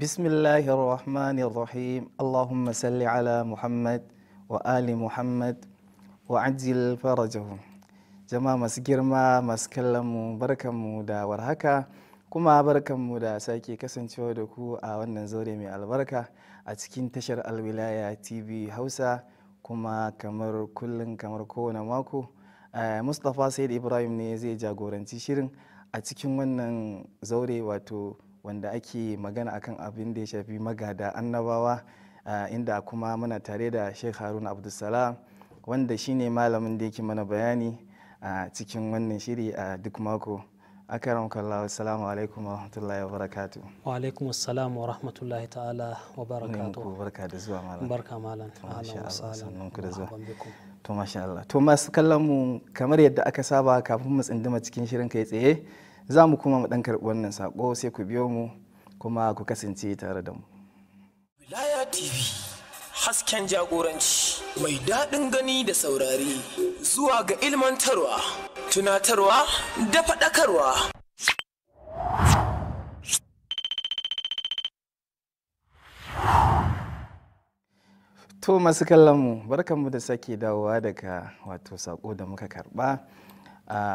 بسم الله الرحمن الرحيم اللهم صل على محمد jama'a masu girma masu kallonmu barkanmu da warhaka kuma barkanmu da sake kasancewa da ku a wannan zaure mai albarka a cikin tashar alwilaya tv hausa kuma kamar kullum kamar kowane mako eh, mustapha said ibrahim ne zai jagoranci shirin a cikin wannan zaure wato wanda ake magana akan abin da ya shafi magada annabawa inda kuma muna tare da sheikh harun abdulsalam wanda shine malamin da yake mana bayani a cikin wannan shiri a duk mako akaram kallahu assalamu alaikum wa rahmatullahi wa barakatu wa alaikum salamu wa rahmatullahi ta'ala wa barakatu barka da zuwa malam barka malam ahlan wa sahlan ku da zuwa to masha Allah to masu kallon mu kamar yadda aka saba kafin mu tsinduma cikin shirin kai tsaye za mu kuma mu ɗan karɓi wannan saƙo sai ku biyo mu kuma ku kasance tare da mu. Wilaya TV hasken jagoranci mai daɗin gani da saurari zuwa ga ilmantarwa, tunatarwa da faɗakarwa. To masu kallon mu barkanmu da sake dawowa daga wato saƙo da muka karɓa.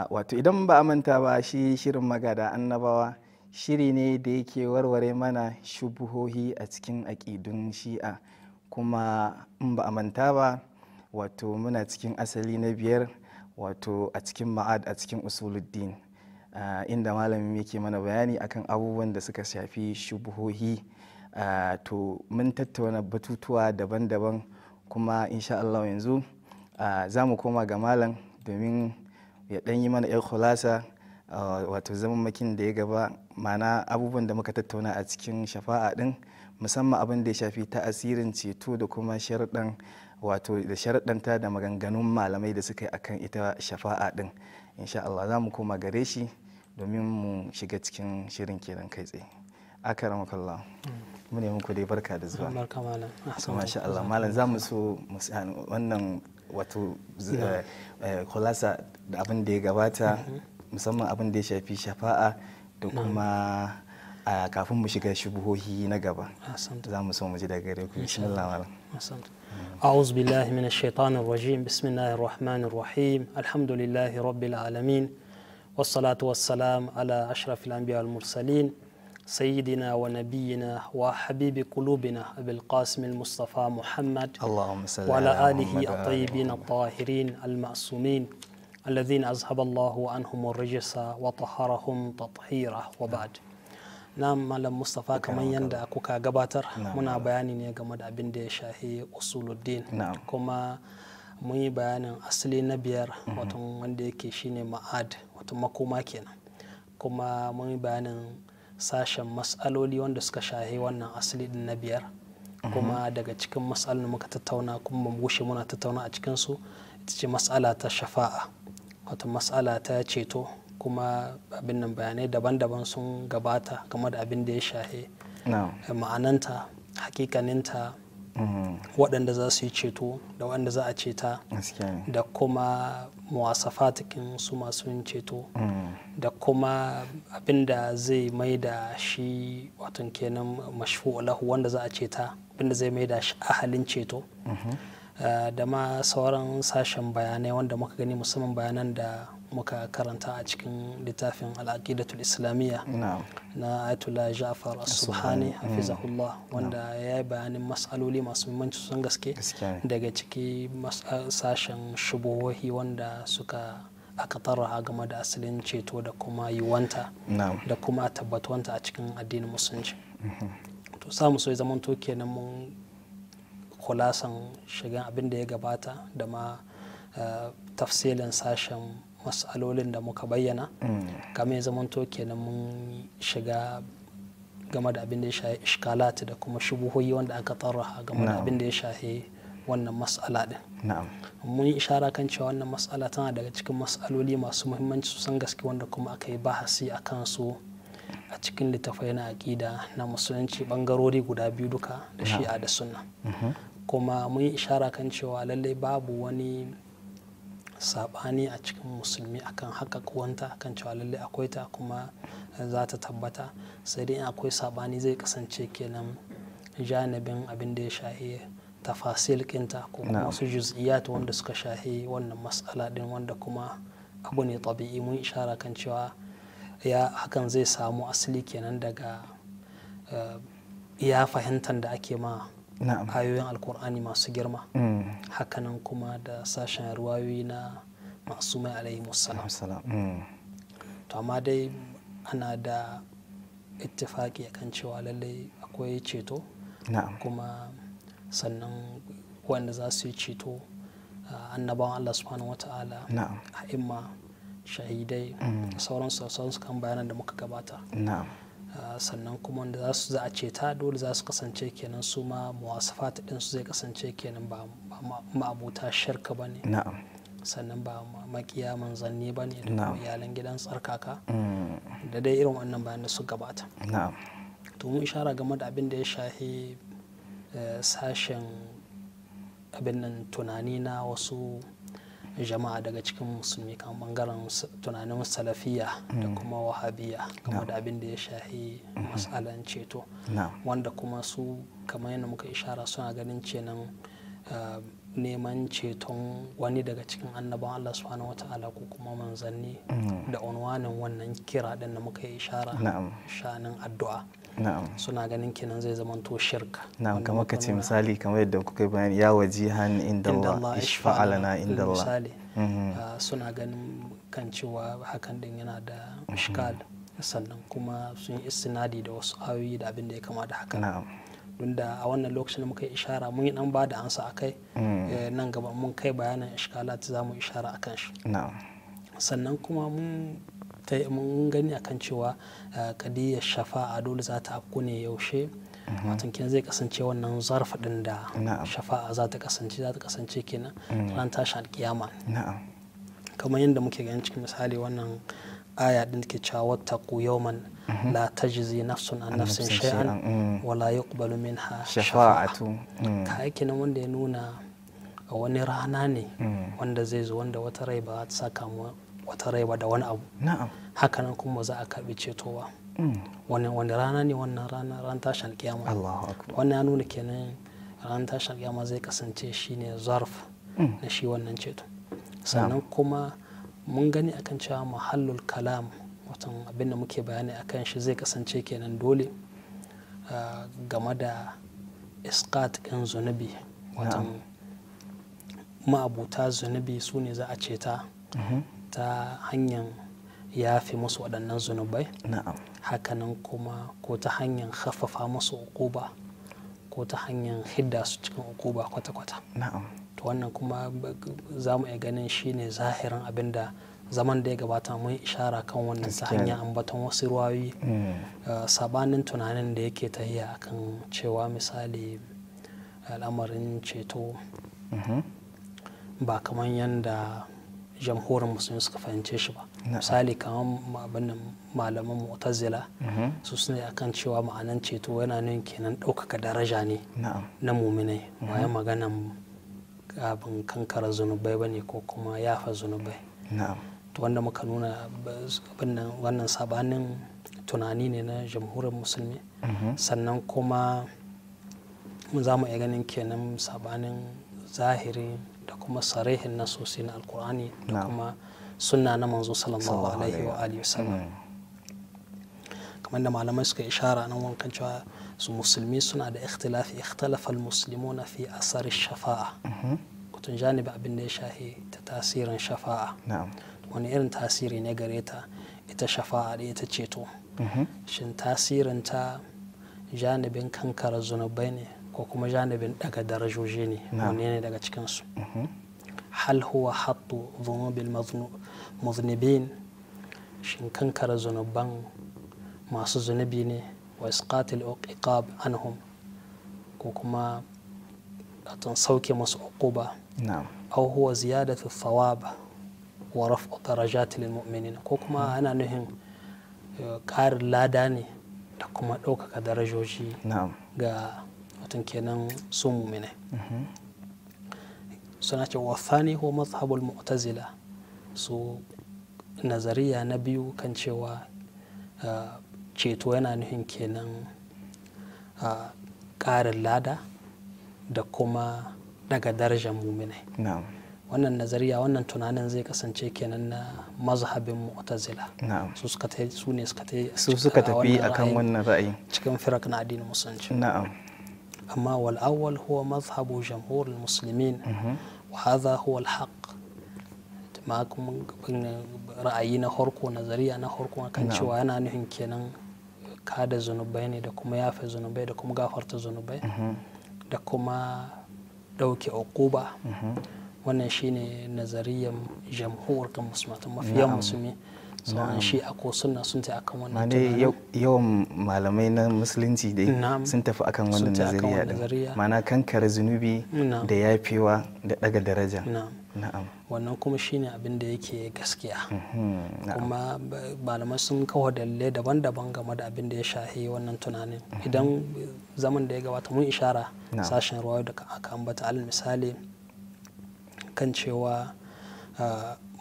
wato idan ba a manta ba shi shirin magada annabawa shiri ne da yake warware mana shubuhohi a cikin aƙidun shi'a kuma in ba a manta ba wato muna cikin asali na biyar wato a cikin ma'ad a cikin usuluddin inda malamin yake mana bayani akan abubuwan da suka shafi shubuhohi to mun tattauna batutuwa daban-daban kuma insha'Allah yanzu za mu koma ga malam domin ya dan yi mana yar kulasa wato zaman makin da ya gaba mana abubuwan da muka tattauna a cikin shafa'a din musamman abin da ya shafi ta'asirin ceto da kuma sharaɗan wato da sharaɗanta da maganganun malamai da suka yi akan ita shafa'a din insha Allah za mu koma gare shi domin mu shiga cikin shirin kenan kai tsaye akaramakallah mu ne muku dai barka da zuwa barka malam masha Allah malam za mu so wannan wato kulasa da abin da ya gabata musamman abin da ya shafi shafa'a da kuma kafin mu shiga shubuhohi na gaba za mu so mu ji daga gare ku bismillah malam أعوذ بالله من الشيطان الرجيم بسم الله الرحمن الرحيم الحمد لله رب العالمين والصلاة والسلام على أشرف الأنبياء والمرسلين سيدنا ونبينا وحبيب قلوبنا أبي القاسم المصطفى محمد اللهم صل وعلى آله الطيبين الطاهرين المعصومين الذين أذهب الله عنهم الرجس وطهرهم تطهيرا وبعد نعم مال مصطفى كما يندى أكوكا غباتر نعم. منا بياني نعم أبن شاهي أصول الدين نعم كما مي بيان أصلي نبير وطن وندي كيشيني معاد وطن مكوما كينا كما مي بيان sashen matsaloli wanda suka shahe wannan asali din na biyar kuma mhm. daga cikin matsalolin muka tattauna kuma mu gushe muna tattauna a cikin su ita ce matsala ta shafa'a wato matsala ta ceto kuma abin nan bayanai daban-daban sun gabata game da abin da ya shahe ma'ananta hakikaninta waɗanda za su yi ceto da waɗanda za a ceta da kuma muwasafatikin su masu ceto da kuma abinda zai mai da shi watan kenan mashfu lahu wanda za a ceta abinda zai mai da shi ahalin ceto mhm. eh, da ma sauran sashen bayanai wanda muka gani musamman bayanan da muka karanta a cikin littafin al'aqidatul islamiyya na ayatollah ja'far subhani hafizahullah mm. wanda ya yi bayanin matsaloli masu muhimmanci sun gaske daga ciki sashen shubohi wanda suka aka a game da asalin ceto da kuma yiwanta da kuma tabbatuwanta a cikin addinin musulunci mhm. to samu so ya zamanto kenan mun kulasan shigan abin da ya gabata da ma eh, tafsilin sashen matsalolin da muka bayyana game zamanto kenan mun shiga game da abin da ya shahi ishkalati da kuma shubuhoyi wanda aka tsarraha game da abin da ya shahi wannan matsala din mun yi ishara kan cewa wannan matsala tana daga cikin matsaloli masu muhimmanci sosan gaske wanda kuma aka yi bahasi a kansu a cikin littafai na aƙida na musulunci bangarori guda biyu duka da shi'a da sunna mhm. kuma mun yi ishara kan cewa lallai babu wani saɓani a cikin musulmi akan haka kuwanta akan cewa lallai akwai ta kuma za ta tabbata sai dai akwai saɓani zai kasance kenan janibin abin da ya shahi tafasil kinta ko wasu juz'iyat wanda suka shahi wannan matsala din wanda kuma abu ne tabi'i mun ishara kan cewa ya hakan zai samu asali kenan daga eh, ya fahimtar da ake ma ayoyin alkur'ani masu girma mm. hakanan kuma da sashen ruwayoyi na masu mai alaihi to amma dai ana da ittifaki kan cewa lallai akwai ceto kuma sannan wanda za su yi ceto ah, annabawan allah subhanahu wata'ala a imma shahidai mm. sauransu sauransu kan bayanan da muka gabata Ah, sannan kuma wanda za su za a ceta dole za su kasance kenan su ma muwasafa ɗin su zai kasance kenan ba ma'abuta shirka ba ne sannan ba makiya manzanni ba ne da iyalan gidan tsarkaka mm. da dai irin wannan bayan da su gabata to mu ishara game da abin da ya shahi eh, sashen abin nan tunani na wasu jama'a daga cikin musulmi kan bangaren tunanin salafiya da mm. kuma wahabiya game da abin da ya shahi mm-hmm. matsalan ceto wanda kuma su kamar yadda muka ishara suna ganin cenan eh, neman ceton wani daga cikin annaban Allah subhanahu wata'ala ko kuma manzanni mm. da unwanin wannan kira din da muka yi ishara shanin addu'a suna ganin kenan zai zama to shirka na'am kamar ka ce misali kamar yadda kuka yi bayani ya wajihan inda Allah na inda Allah suna mm-hmm. ah, ganin kan cewa hakan din yana da mushkal mm-hmm. sannan kuma sun yi istinadi da wasu ayoyi da abin da ya kama da haka na'am don da a wannan lokacin da muka yi ishara mun yi dan ba da ansa akai mm. eh, nan gaba mun kai bayanan ishkalat za mu ishara akan shi na'am sannan kuma mun mun gani akan cewa eh, kadiyar shafa'a dole za ta afku ne yaushe mhm. watan kenan zai kasance wannan zarfa din da shafa'a za ta kasance za ta kasance kenan mhm. ran tashi alkiyama kamar yadda muke gani cikin misali wannan aya din ke cewa wattaqu yawman mhm. la tajzi nafsun an nafsin shay'an wala yuqbalu minha shafa'atu ka wanda ya nuna wani rana ne wanda zai zo wanda wata rai ba za ta saka wata rai ba da wani abu hakanan kuma za a karɓi cetowa mm. wani rana ne wannan rana ran tashin kiyama wannan ya nuna kenan ran tashin kiyama zai kasance shine zarf mm. na shi wannan ceto sannan kuma mun gani akan cewa muhallul kalam watan abin da muke bayani akan shi zai kasance kenan dole ah, game da iskat ɗin zunubi watan ma'abuta zunubi su ne za a ceta mm-hmm. ta hanyar yafe musu waɗannan zunubai hakanan kuma ko ta hanyar haffafa musu ukuba ko ta hanyar hidda su cikin ukuba kwata-kwata to wannan kuma za mu iya ganin shine zahirin abin da zaman da ya gabata mun ishara kan wannan ta hanyar ambaton wasu ruwayoyi mm. eh, sabanin tunanin da yake tahiya akan cewa misali al'amarin ceto mm-hmm. ba kamar yadda jamhurin musulmi suka fahimce shi ba misali kamar abin malaman mu'tazila mhm. su suna akan cewa ma'anan ceto yana nan kenan ɗaukaka daraja ne na muminai mhm. bayan ya maganan abin kankara zunubai ba ne ko kuma yafa zunubai to wanda muka nuna wannan sabanin tunani ne na jamhurin musulmi mhm. sannan kuma za mu iya ganin kenan sabanin zahiri da kuma sarihin nasosi na alkur'ani da kuma sunna na manzo sallallahu alaihi wa alihi wasallam kamar da malamai suka ishara nan wankan cewa su musulmi suna da ikhtilafi ikhtalafa almuslimuna fi asari shafa'a mhm. kutun janibi abin da ya shahi ta tasirin shafa'a wani irin tasiri ne gare ta ita shafa'a da ita ceto mhm. shin tasirin ta janibin kankara zunubai ne ko kuma janibin daga darajoji ne wanne ne daga cikinsu mm-hmm. hal huwa hattu zunubin muznibin shin zunuban masu zunubi ne wa isqatil iqab anhum ko kuma tun sauke masu uquba aw huwa ziyadatu thawab wa raf'u darajatil mu'minin ko kuma mm-hmm. ana nuhin eh, karin lada ne da kuma ɗaukaka darajoji ga watan kenan su mumine mhm. suna ce wafani ko mazhabul mu'tazila su nazariya na biyu kan cewa ah, ceto yana nufin kenan ah, ƙarin lada da kuma daga darajar mumine wannan nazariya wannan tunanin zai kasance kenan na mazhabin mu'tazila su suka su ne suka a akan wannan ra'ayi cikin firak na addinin musulunci أما والأول هو مذهب جمهور المسلمين وهذا هو الحق ma kuma ra'ayi na harko nazariya na harko kan cewa yana nuhin kenan kada zunubai ne da kuma yafe zunubai da kuma gafarta zunubai da kuma ɗauke ukuba wannan shine nazariyan jamhur kan musulmatan mafiyan musulmi sauran shi a ko suna sun ta akan wannan tunanin yawan malamai na musulunci dai sun tafi akan wannan nazariya din ma'ana kankare zunubi da yafewa da daga daraja na'am wannan kuma shine abin da yake gaskiya mhm. kuma malamai sun kawo dalilai daban-daban game da abin da ya shahi wannan tunanin mhm. idan zaman da ya gabata mun ishara sashen ruwa da aka ambata alal misali kan cewa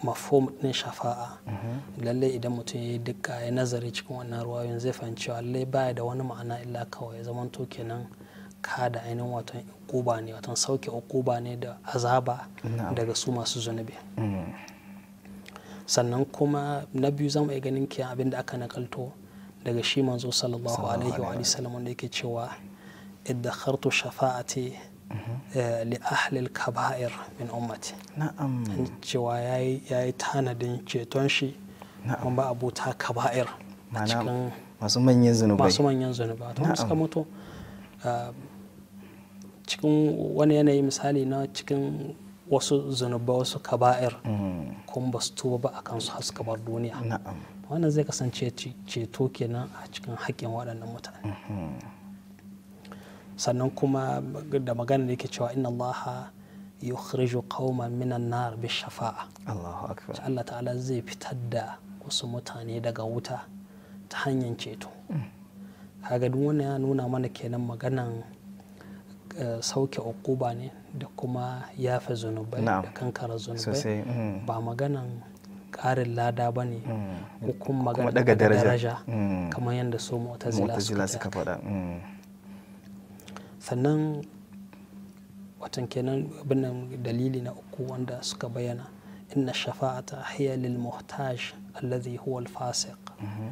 mafhum din shafa'a lallai idan mutum ya yi duka ya nazari cikin wannan ruwayoyin zai fahimci cewa baya da wani ma'ana illa kawai zaman to kenan ka da ainihin watan ukuba ne watan sauke ukuba ne da azaba daga su masu zunubi mm. sannan kuma na biyu zan iya ganin kiyan abin da aka nakalto daga shi manzo sallallahu alaihi wa sallam wanda yake cewa idda khartu shafa'ati Eh, li ahlil kaba'ir min ummati na'am cewa yayi yayi tanadin ceton shi na'am ba abota kaba'ir a cikin masu manyan zunubai masu manyan suka mutu ah, cikin wani yanayi misali na cikin wasu zunubai wasu kaba'ir mm-hmm. kuma ba su tuba ba a kansu har bar duniya wannan zai kasance ceto kenan a cikin haƙƙin waɗannan mutane mm-hmm. sannan kuma da magana da yake cewa inna allaha yukhriju qauman minan nar bi shafa'a Allahu akbar Allah ta'ala zai fitar da wasu mutane daga wuta ta hanyar ceto mm. kaga duk wannan ya nuna mana kenan maganan eh, sauke ukuba ne da kuma yafe zunubai da kankara zunubai mm. ba maganan karin lada ba ne Hukun mm. kuma daga daraja kamar yadda su zila suka faɗa sannan watan kenan abinnan dalili na uku wanda suka bayyana inna shafa'ata hiya lil muhtaj allazi huwa al fasiq mhm.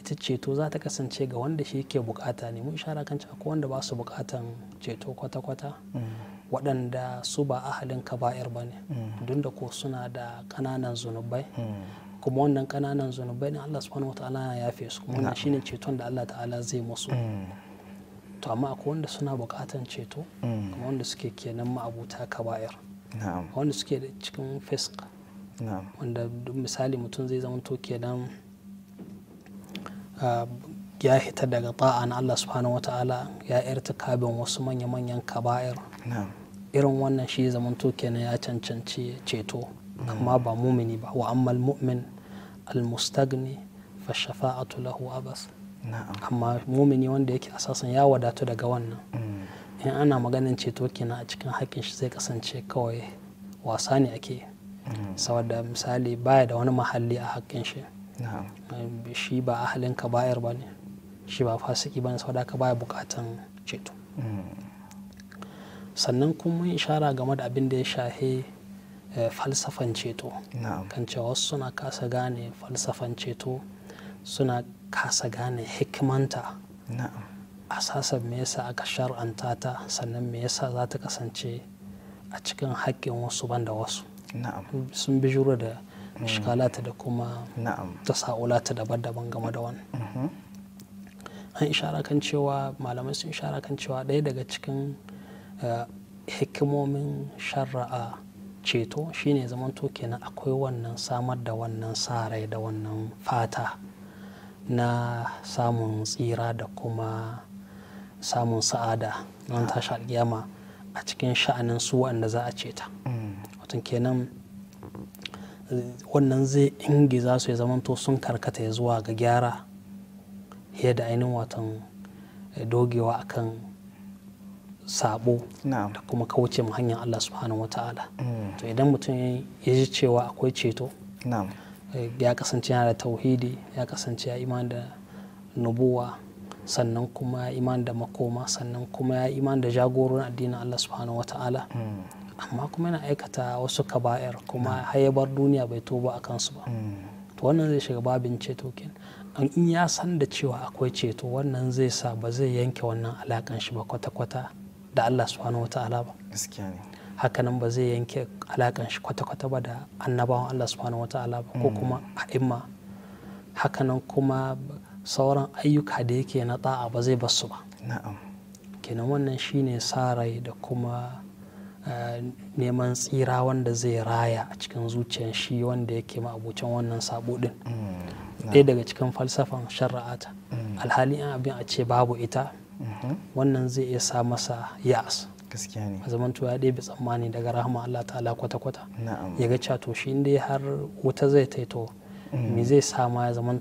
ita ceto za ta kasance ga wanda shi yake bukata ne mun shara kan ko wanda ba su bukatan ceto kwata-kwata mhm. waɗanda su ba ahalin kaba'ir ba ne mhm. duk da ko suna da ƙananan zunubai kuma wannan ƙananan zunubai ne Allah subhanahu wa ta'ala ya yafe su kuma wannan shine ceton da Allah ta'ala zai musu to amma akwai wanda suna bukatan ceto mm. kuma wanda suke kenan ma'abuta kaba'ir wanda suke cikin fisk wanda misali mutum zai zama to kenan ah, ya hita daga ta'a na Allah subhanahu wata'ala ya kabin wasu manya-manyan kaba'ir irin wannan shi to kenan ya cancanci ceto mm. amma ba mumini ba wa ammal mu'min al-mustagni fa shafa'atu lahu abas amma mumini wanda yake asasin ya wadatu daga wannan mm. in ana maganin ceto kenan a cikin haƙƙin shi zai kasance kawai wasa ne ake mm. saboda misali baya da wani mahalli a haƙƙin shi shi ba ahalin ka bayar ba ne shi ba fasiki ba ne saboda ka baya bukatan ceto mm. sannan kuma ishara game da abin da ya shahe eh, falsafan ceto kan cewa wasu suna kasa gane falsafan ceto suna kasa gane hikimanta a sassan me yasa aka shar'anta ta sannan me yasa za ta kasance a cikin haƙƙin wasu da wasu sun bijiro da mm. shikalata da kuma ta sa'ulata daban-daban game da wani mm-hmm. an ishara kan cewa malamai sun ishara kan cewa ɗaya daga cikin eh, hikimomin shara'a ceto shine zamanto kenan akwai wannan samar da wannan sa rai da wannan fata na samun tsira da kuma samun sa'ada ran tashi alkiyama a cikin sha'anin su wanda za a ceta watan kenan wannan zai za su ya zamanto sun karkata ya zuwa ga gyara da ainihin watan dogewa akan sabo da kuma kauce hanyar Allah subhanahu wa ta'ala mm. to idan mutum ya ji cewa akwai ceto Eh, ya kasance yana da tauhidi ya kasance ya iman da nubuwa sannan kuma ya iman da makoma sannan kuma ya iman da jagoron addinin Allah subhanahu wa ta'ala hmm. amma kuma yana aikata wasu kaba'ir kuma hmm. hayabar duniya bai tuba a kansu ba hmm. to wannan zai shiga babin ceto kin an in ya san da cewa akwai ceto wannan zai sa ba zai yanke wannan alakan shi ba kwata-kwata da Allah subhanahu wa ta'ala ba gaskiya ne hakanan ba zai yanke alakan shi kwata-kwata ba da annabawan Allah subhanahu wata'ala ba ko mm. kuma a'imma hakanan kuma sauran ayyuka da yake na ta'a ba zai basu ba kenan wannan shine sarai da kuma eh, neman tsira wanda zai raya a cikin zuciyar shi wanda yake ma'abucin wannan sabo din mm. ɗaya daga cikin falsafan shara'ata mm. alhali abin a ce babu ita mm-hmm. wannan zai iya sa masa ya'as gaskiya ne zaman ya bi tsammani daga rahama Allah ta'ala kwata-kwata ya ga cato to shi inda har wuta zai taito mm. me zai sama ya zaman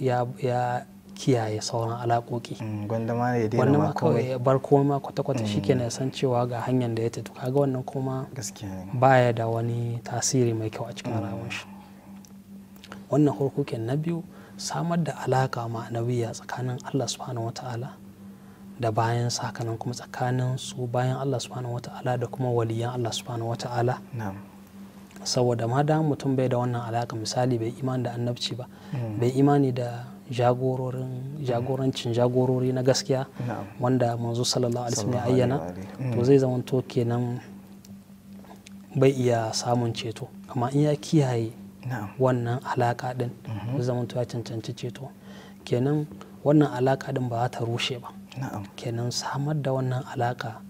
ya kiyaye sauran alaƙoƙi mm, gwanda ma ya daina ya bar komai ma kwata-kwata mm. shi kenan san cewa ga hanyar da ya taito kaga wannan kuma baya da wani tasiri mai kyau a cikin rayuwar shi wannan hurkuken na biyu samar da alaƙa ma'anawiya tsakanin Allah subhanahu wata'ala da bayan sakanan kuma tsakanin su bayan Allah subhanahu wata'ala da kuma waliyan Allah subhanahu wata'ala saboda ma da mutum bai da wannan alaka misali hmm. bai imani da annabci ba bai imani da jagorancin jagorori na gaskiya wanda manzo sallallahu alaihi wasallam ayyana to zai zama to kenan bai iya samun ceto amma in ya kiyaye wannan alaka din mhm. zai zama to ya cancanci ceto kenan wannan alaka din ba za ta rushe ba kenan samar da wannan alaƙa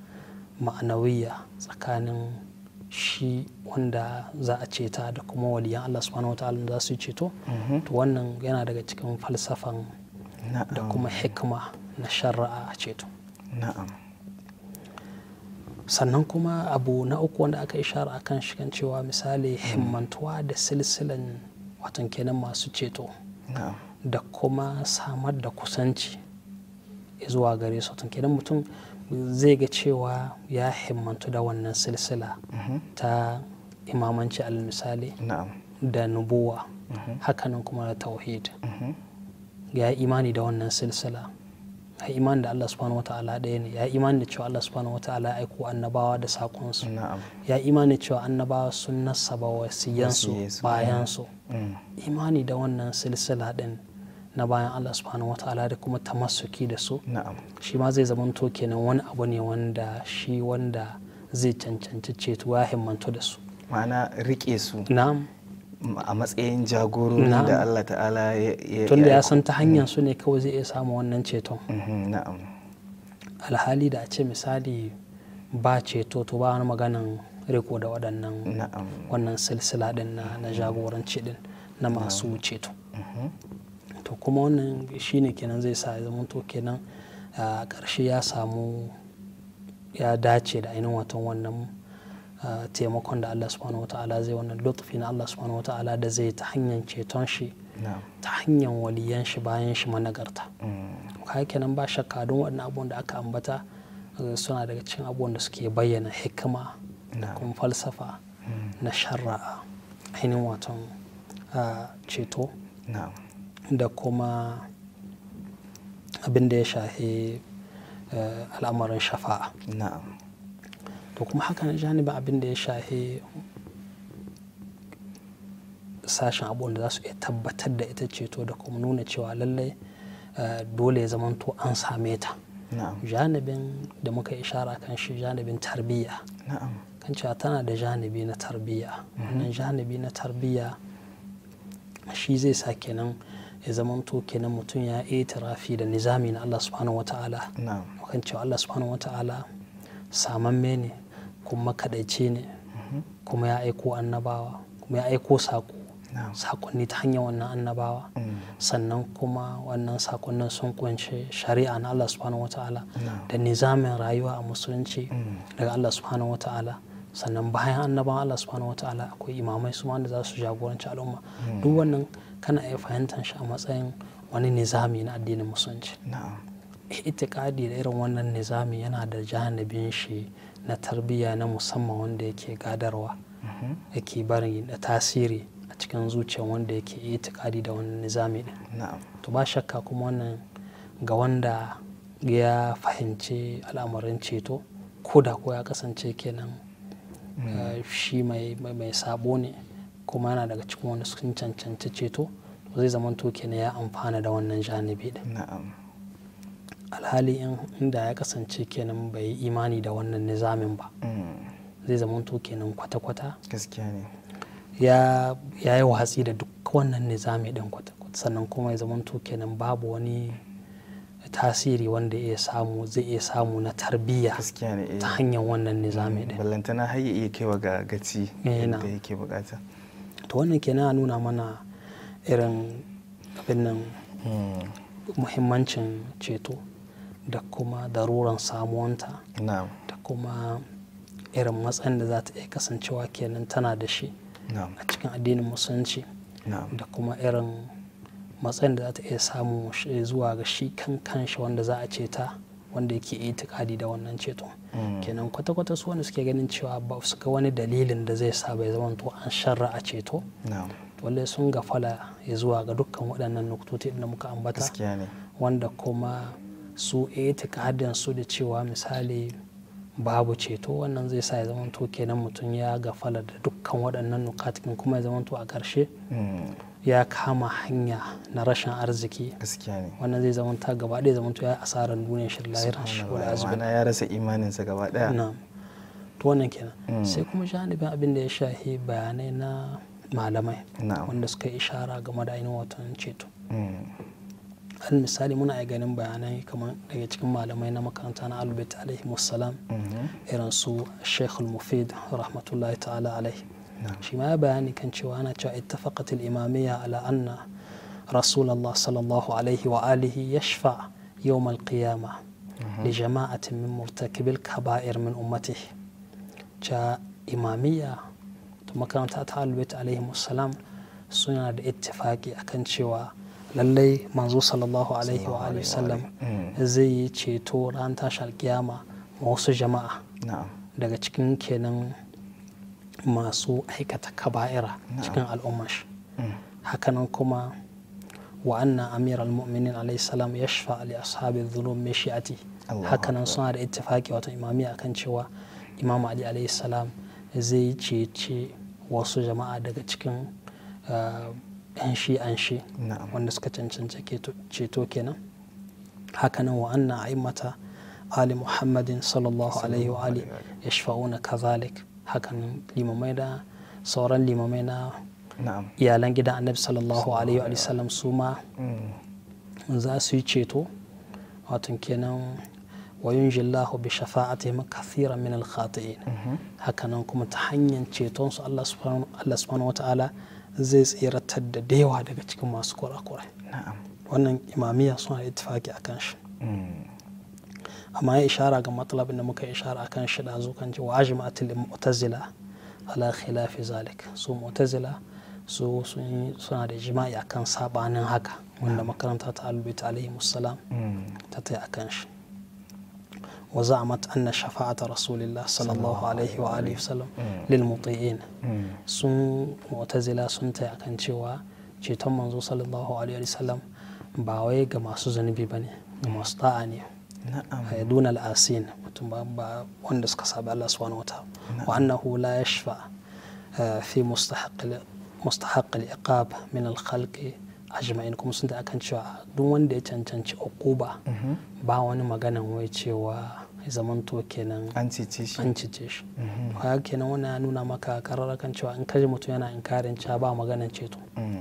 ma'anawiyya tsakanin shi wanda za a ceta da kuma waliyan Allah subhanahu wa ta'ala za su ceto mm-hmm. to wannan yana daga cikin falsafan da kuma hikma na shara'a a ceto sannan kuma abu na uku wanda aka ishara a kan shi kan cewa misali mm. himmantuwa da silsilan watan kenan masu ceto da kuma samar da kusanci zuwa gare su tun kenan mutum zai ga cewa ya himmantu da wannan silsila mhm. ta imamanci al-misali da nubuwa mhm. hakanan kuma da tauhid mhm. ya imani da wannan silsila ya imani da Allah subhanahu wata'ala ɗaya ne ya imani da cewa Allah subhanahu wata'ala ya aiko annabawa da sakonsu ya imani da cewa annabawa sun nasaba wa siyansu bayansu mm. imani da wannan silsila ɗin na bayan Allah subhanahu wa ta'ala da kuma tamassuki da su shi ma zai zamanto kenan wani abu ne wanda shi wanda zai cancanci ceto ya himmantu da su ma'ana rike su a matsayin jagoro da Allah ta'ala ya tunda ya san ta hanyar mm. su ne kawai zai iya samu wannan ceton mm-hmm, alhali da a ce misali ba ceto to ba wani maganan riko da waɗannan wannan silsila din na jagoranci din na masu ceto mm-hmm. to kuma wannan shine kenan zai sa ya to kenan a ƙarshe ya samu ya dace da ainihin watan wannan taimakon da Allah subhanahu wa ta'ala zai wannan lutfi na Allah subhanahu wa ta'ala da zai ta hanyar ceton shi ta hanyar waliyan shi bayan shi managarta mm. ka kenan ba shakka don waɗannan abubuwan da aka ambata suna daga cikin abubuwan da suke bayyana hikima da kuma falsafa mm. na shara'a ainihin watan ceto da kuma abin da ya shafi eh, al'amarin shafa'a to kuma haka janibin abin da ya shafi sashen abubuwan da za su iya tabbatar da ita ceto da kuma nuna cewa lallai eh, dole ya zamanto an same ta janibin da muka ishara kan shi janibin tarbiyya kan cewa tana da janibi na tarbiyya wannan mhm. janibi na tarbiyya shi zai sa kenan ya zama to kenan mutum ya itirafi da nizami na Allah subhanahu wata'ala kan cewa Allah subhanahu wata'ala samamme ne kuma kadaice ne mhm. kuma ya aiko annabawa kuma ya aiko sako sakonni ta hanyar wannan annabawa mm. sannan kuma wannan sakonnin sun kunshi shari'a na Allah subhanahu wata'ala da nizamin rayuwa a musulunci mm. daga Allah subhanahu wata'ala sannan bayan annaban Allah subhanahu ta'ala akwai imamai su da za su jagoranci al'umma hmm. duk wannan kana iya fahimtar shi a matsayin wani nizami na addinin musulunci itikadi da irin wannan nizami yana da janibin shi na tarbiyya na musamman wanda yake gadarwa mm-hmm. yake bari da tasiri a cikin zuciyar wanda yake itikadi da wannan nizami din to ba shakka kuma wannan ga wanda ya fahimci al'amarin ceto ko da ko ya kasance kenan Eh, shi mai sabo ne kuma yana daga cikin wani sun cancanci ceto zai zama toke kenan ya amfana da wannan janibi din alhali inda ya kasance kenan bai yi imani da wannan nizamin ba mm. zai zama toke nan kwata-kwata ya yi watsi da duk wannan nizami din kwata sannan kuma ya zama toke nan babu wani tasiri wanda ya samu zai iya samu na tarbiya eh. ta hanyar wannan nizami din mm, ballantana har iya kaiwa ga gaci eh, da yake bukata to wannan kenan nuna mana irin abin nan hmm. muhimmancin ceto da kuma daruran samuwanta da kuma irin matsayin da za ta iya kasancewa kenan tana da shi a cikin addinin musulunci da kuma irin matsayin da za ta iya samu zuwa ga shi kan kanshi wanda za a ceta wanda yake itikadi da wannan ceto. Mm. kenan kwata-kwata su wanda suke ganin cewa ba su ga wani dalilin da zai sa bai zama to an sharra a ceto wanda sun gafala ya zuwa ga dukkan waɗannan nukutoti da muka ambata wanda kuma su itikadin su da cewa misali babu ceto wannan zai sa ya zama to kenan mutum ya gafala da dukkan waɗannan nukatikin kuma ya zama to a ƙarshe mm. ya kama hanya na rashin arziki gaskiya ne wannan zai zama ta gaba ɗaya zama ya asarar duniya shi lahira shi wani ya rasa imaninsa gaba ɗaya na to wannan kenan hmm. sai kuma hannu abin da ya shahi bayanai na malamai wanda suka yi ishara game da ainihin watan ceto hmm. al misali muna iya ganin bayanai kamar daga cikin malamai na makaranta na albert alaihi musallam hmm. irin su sheikh mufid rahmatullahi ta'ala alaihi نعم. شي ما بياني كان شوانا اتفقت الإمامية على أن رسول الله صلى الله عليه وآله يشفع يوم القيامة لجماعة من مرتكب الكبائر من أمته جاء إمامية ثم كانت أتعلمت البيت عليهم السلام سنة الاتفاق أكن akan للي lallai صلى الله عليه وآله وسلم زي zai yi ceto ran tashar kiyama ma wasu daga cikin kenan masu aikata kaba'ira cikin al'umma shi mm. hakanan kuma wa anna amir al-mu'minin salam ya shafa li ashabi dhulum mashi'ati hakanan suna da ittifaki wato imami akan cewa imam ali alayhi salam zai cece wasu jama'a daga cikin eh, yan shi an shi wanda suka cancanta ceto kenan hakanan wa anna a'immata ali muhammadin sallallahu alaihi wa ali yashfa'una kazalik hakan limamai da sauran limamai na iyalan gidan annabi sallallahu alaihi wa sallam su ma mm. za su yi ceto watan kenan wayun jillahu bi shafa'atihim kathira min al-khati'in mm-hmm. hakanan kuma ta hanyar ceton su Allah subhanahu wata'ala zai tsiratar da dewa daga cikin masu kura kura wannan imamiya suna ittifaki akan shi mm. amma ya ishara ga matsalabin da muka ishara a kan shida zukan ce wa ajma'atul mu'tazila ala khilafi zalik su mu'tazila su suna da jima'i akan sabanin haka wanda makaranta ta albait alaihi musallam hmm. ta tai akan shi wa za a mata za'amat anna ta rasulillah sallallahu alaihi wa alihi wasallam hmm. lil muti'in hmm. sun mu'tazila sun tai akan cewa ceton manzo sallallahu alaihi wasallam ba wai ga masu ba ne ga masu ta'a ne duna al'asin mutum ba wanda suka saba Allah subhanahu wa ta'ala wa annahu la yashfa eh, fi mustahaqqil iqab min al a ajma'in kuma sun da akan cewa duk wanda ya cancanci ukuba mhm. ba wani magana wai cewa zamanto kenan an cice shi an mhm. haka kenan wannan ya nuna maka karar kan cewa in kaji mutum yana inkarin cewa ba maganan ceto mm.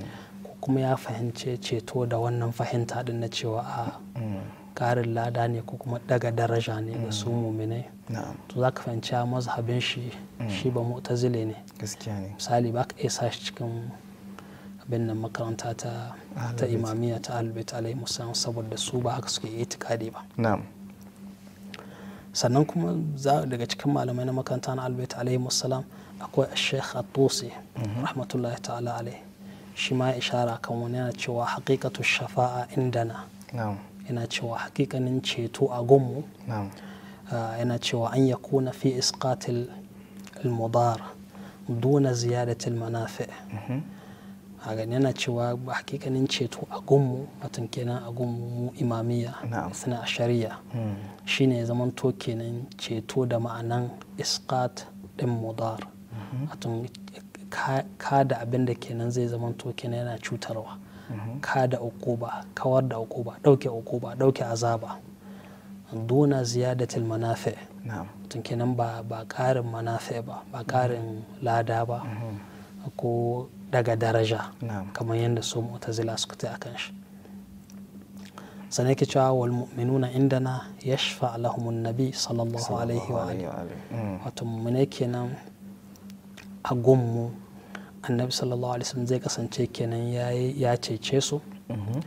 kuma ya fahimce ceto da wannan fahimta din na cewa a ah, mm. karin lada ne ko kuma daga daraja ne ga su mm. muminai to za ka fahimci mazhabin shi mm. shi ba mu'tazile ne misali ba ka isa shi cikin abin nan makaranta ta ta imamiyya ta albert alaihi musamman saboda su ba haka suke itikadi ba sannan kuma daga cikin malamai na makaranta na albert alaihi musamman akwai sheikh atusi mm-hmm. rahmatullahi ta'ala alaihi shi ma ya ishara kan wani yana cewa haƙiƙatu shafa'a indana yana cewa hakikanin ceto a gunmu ah, yana cewa an ya kuna fi iskatil lmudar duna ziyadatil manafi mhm. a gani yana cewa hakikanin ceto a gunmu watan kenan a gunmu imamiya suna a shari'a hmm. shine ya zama to kenan ceto da ma'anan iskat din mudar watan mhm. kada abin da kenan zai zama to kenan yana cutarwa ka da kawar da ukuba dauke ukuba dauke azaba duna ziyadatil manafi tun kenan ba ba karin manafi ba ba karin lada ba ko daga daraja kamar yadda su mu'tazila suka ta akan shi sana yake cewa wal mu'minuna indana yashfa lahumun nabi sallallahu alaihi wa alihi mm. wato kenan a gunmu annabi sallallahu alaihi wasallam zai kasance kenan ya cece su mhm.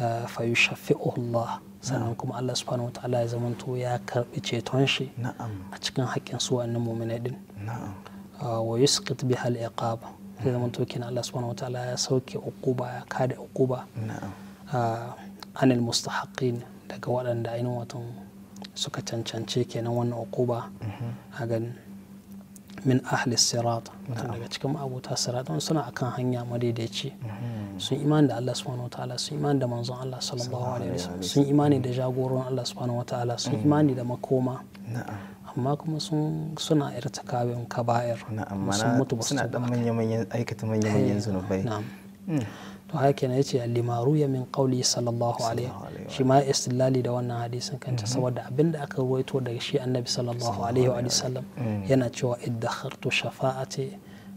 eh, fa yushafi'uhu Allah sannan kuma Allah subhanahu wataala ya zamanto ya karbi ceton shi a cikin haƙƙin su wannan mu'minai din eh, wa yusqit biha al-iqab zai zamanto kenan Allah subhanahu wataala ya sauke uquba ya kada uquba eh, anil mustahiqin daga waɗanda ainihin watan suka cancance kenan wannan uquba mhm. a ganin min ahli sirat mutum daga cikin ma'abuta sirat wani suna akan hanya madaidaici hmm. sun imani da Allah subhanahu wataala sun imani da manzon Allah sallallahu alaihi wasallam sun imani da jagoron Allah subhanahu wataala sun hmm. imani da makoma amma kuma sun suna irtikabin kaba'ir sun mutu ba suna dan manya-manyan aikata manya-manyan eh, zunubai hmm. to haka ne yace limaru ya min qawli sallallahu alaihi shi ma istilali da wannan hadisin kanta mhm. saboda abinda aka ruwaito daga shi annabi sallallahu alaihi wa sallam yana cewa iddakhartu shafa'ati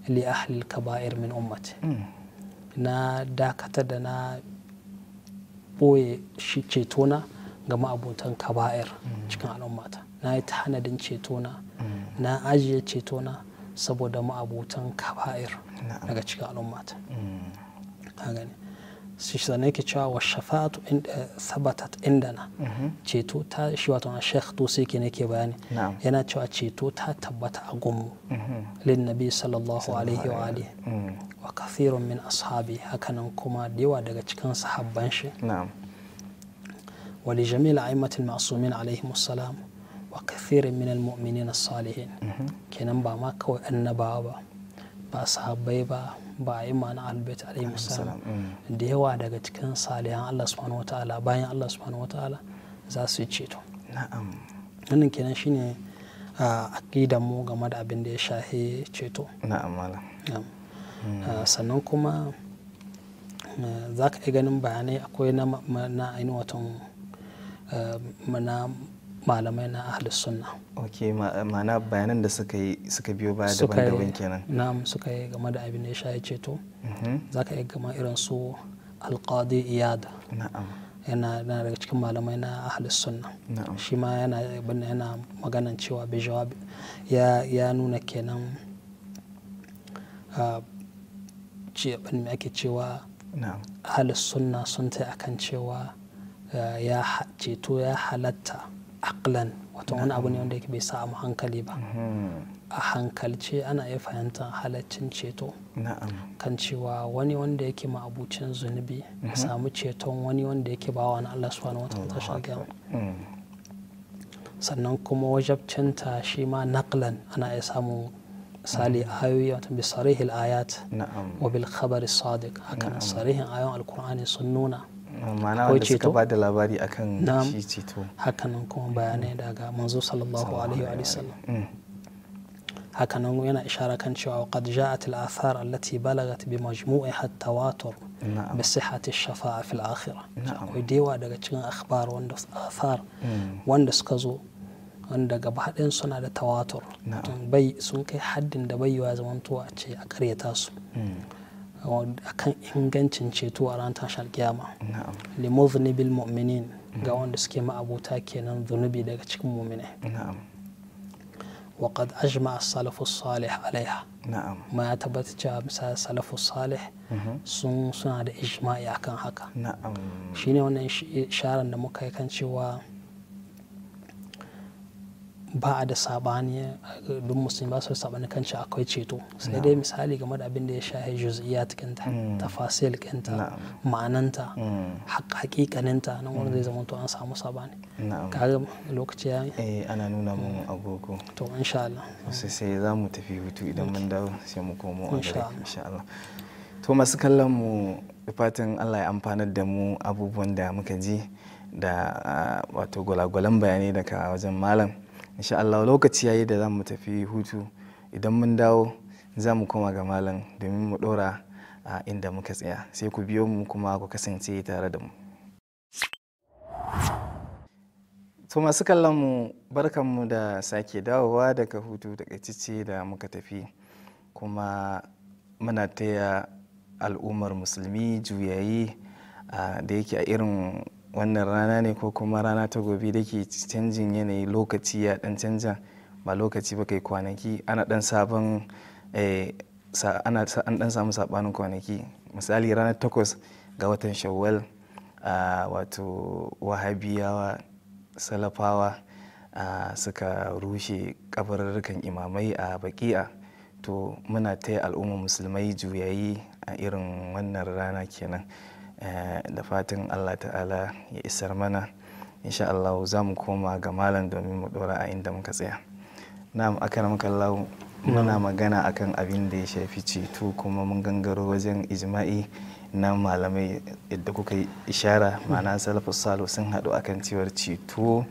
li ahli al-kaba'ir min ummati mm. na dakata da na boye shi cetona ga ma'abotan kaba'ir mm. cikin al'ummata na yi tanadin cetona mm. na ajiye cetona saboda ma'abutan kaba'ir daga cikin al'ummata ka shi shi ke cewa wa shafa'atu inda sabatat indana mhm. ceto ta shi wato na sheikh sai ke ne ke bayani yana cewa ceto ta tabbata a gunmu mhm. lin nabi sallallahu alaihi wa alihi mm. wa kathirun min ashabi hakanan kuma da yawa daga cikin sahabban shi wa li jami'il a'immatil ma'sumin alaihi wa kathirin min almu'minin muminin as-salihin mhm. kenan ba ma kawai annabawa ba ba sahabbai ba ba ma yi ma'ana albert alaihi mm. da yawa daga cikin salihan allah subhanahu wataala bayan allah subhanahu wataala za su yi ceto wannan kenan shine aqidan mu game da abin da ya shahe ceto mm. sannan kuma za ka yi ganin bayanai akwai na ainihin watan malamai na ahlus sunna ok ma'ana bayanan da suka yi suka biyo baya daban-daban kenan na'am suka yi game da abin da ya shaye ceto mhm. za ka yi gama irin su alqadi iyad na'am yana daga cikin malamai na ahlus sunna shi ma yana yana maganan cewa bi jawab ya ya nuna kenan ah, ce abin ake cewa ahlus sunna sun ta akan cewa ah, ya ceto ya halatta Aklan wata wani abu ne wanda yake bai samu hankali ba hmm. a hankalce ana iya fahimtar halaccin ceto kan cewa wani wanda yake ma'abucin zunubi ya mhm. samu ceton wani wanda yake bawa na Allah subhanahu wa ta'ala shagam hmm. sannan kuma wajabcinta shi ma ana iya samun misali hmm. ayoyi wato bi sarihil ayat wa bil khabari sadiq hakan sarihin ayon alkur'ani sun nuna ma'ana wanda suka ba da labari akan shi ceto hakanan kuma bayanai daga manzo sallallahu alaihi wa sallam mm. hakanan yana ishara kan cewa qad ja'at al-athar allati balagat bi majmu'iha at-tawatur bi sihhati shafaa fil akhirah akwai dewa daga cikin akhbar wanda athar mm. wanda suka zo wanda gaba haɗin suna da tawatur bai sun kai haddin da bai yiwa zamantowa a ce a karyata su mm. akan ingancin ceto a ranar tashar kiyama limon zunubin mu'minin ga wanda suke ma'abuta kenan zunubi daga cikin mu'mine waqad ajma salafu salih alaiha ma ya tabbata cewa misali salafu salih mhm. sun suna da ijma'i akan haka shine wannan sharan da muka yi kan cewa ba a da sabani duk musulmi ba su da saɓani kan ci akwai ceto sai dai misali game da abin da ya shahe juz'iyat kinta hmm. tafasil kinta ma'ananta hmm. hakikaninta nan wanda zai hmm. zama to an samu sabani kaga lokaci ya eh ana nuna mun agogo to insha Allah sai sai za mu tafi hutu idan mun dawo sai mu komo a gare insha Allah to masu kallon mu fatan Allah ya amfanar da mu abubuwan da muka ji da ah, wato gwalagwalan bayanai daga wajen malam insha Allah lokaci yayi da zamu tafi hutu idan mun dawo za mu koma ga malam domin mu ɗora a inda muka tsaya sai ku biyo mu kuma ku kasance tare da mu to masu kallon mu barkanmu da sake dawowa daga hutu da kacice da muka tafi kuma muna taya al'ummar musulmi juyayi da yake a irin wannan rana ne ko kuma rana ta gobe da ke canjin yanayi lokaci ya dan canja ba lokaci ba kai kwanaki ana dan sabon eh, an dan samu sabanin kwanaki misali ranar takwas ga watan shawwal wato wahabiyawa salafawa suka rushe kabarurrukan imamai a baki'a to muna ta yi al'umma musulmai juyayi a irin wannan rana kenan Eh, da fatan allah ta'ala ya isar mana insha Allah za mu koma ga malam domin mu dora a inda muka tsaya na'am muka lau muna magana akan abin da ya shafi ceto kuma mun gangaro wajen ijma'i na malamai yadda kuka yi ishara ma'ana salafu salo sun haɗu akan cewar ceto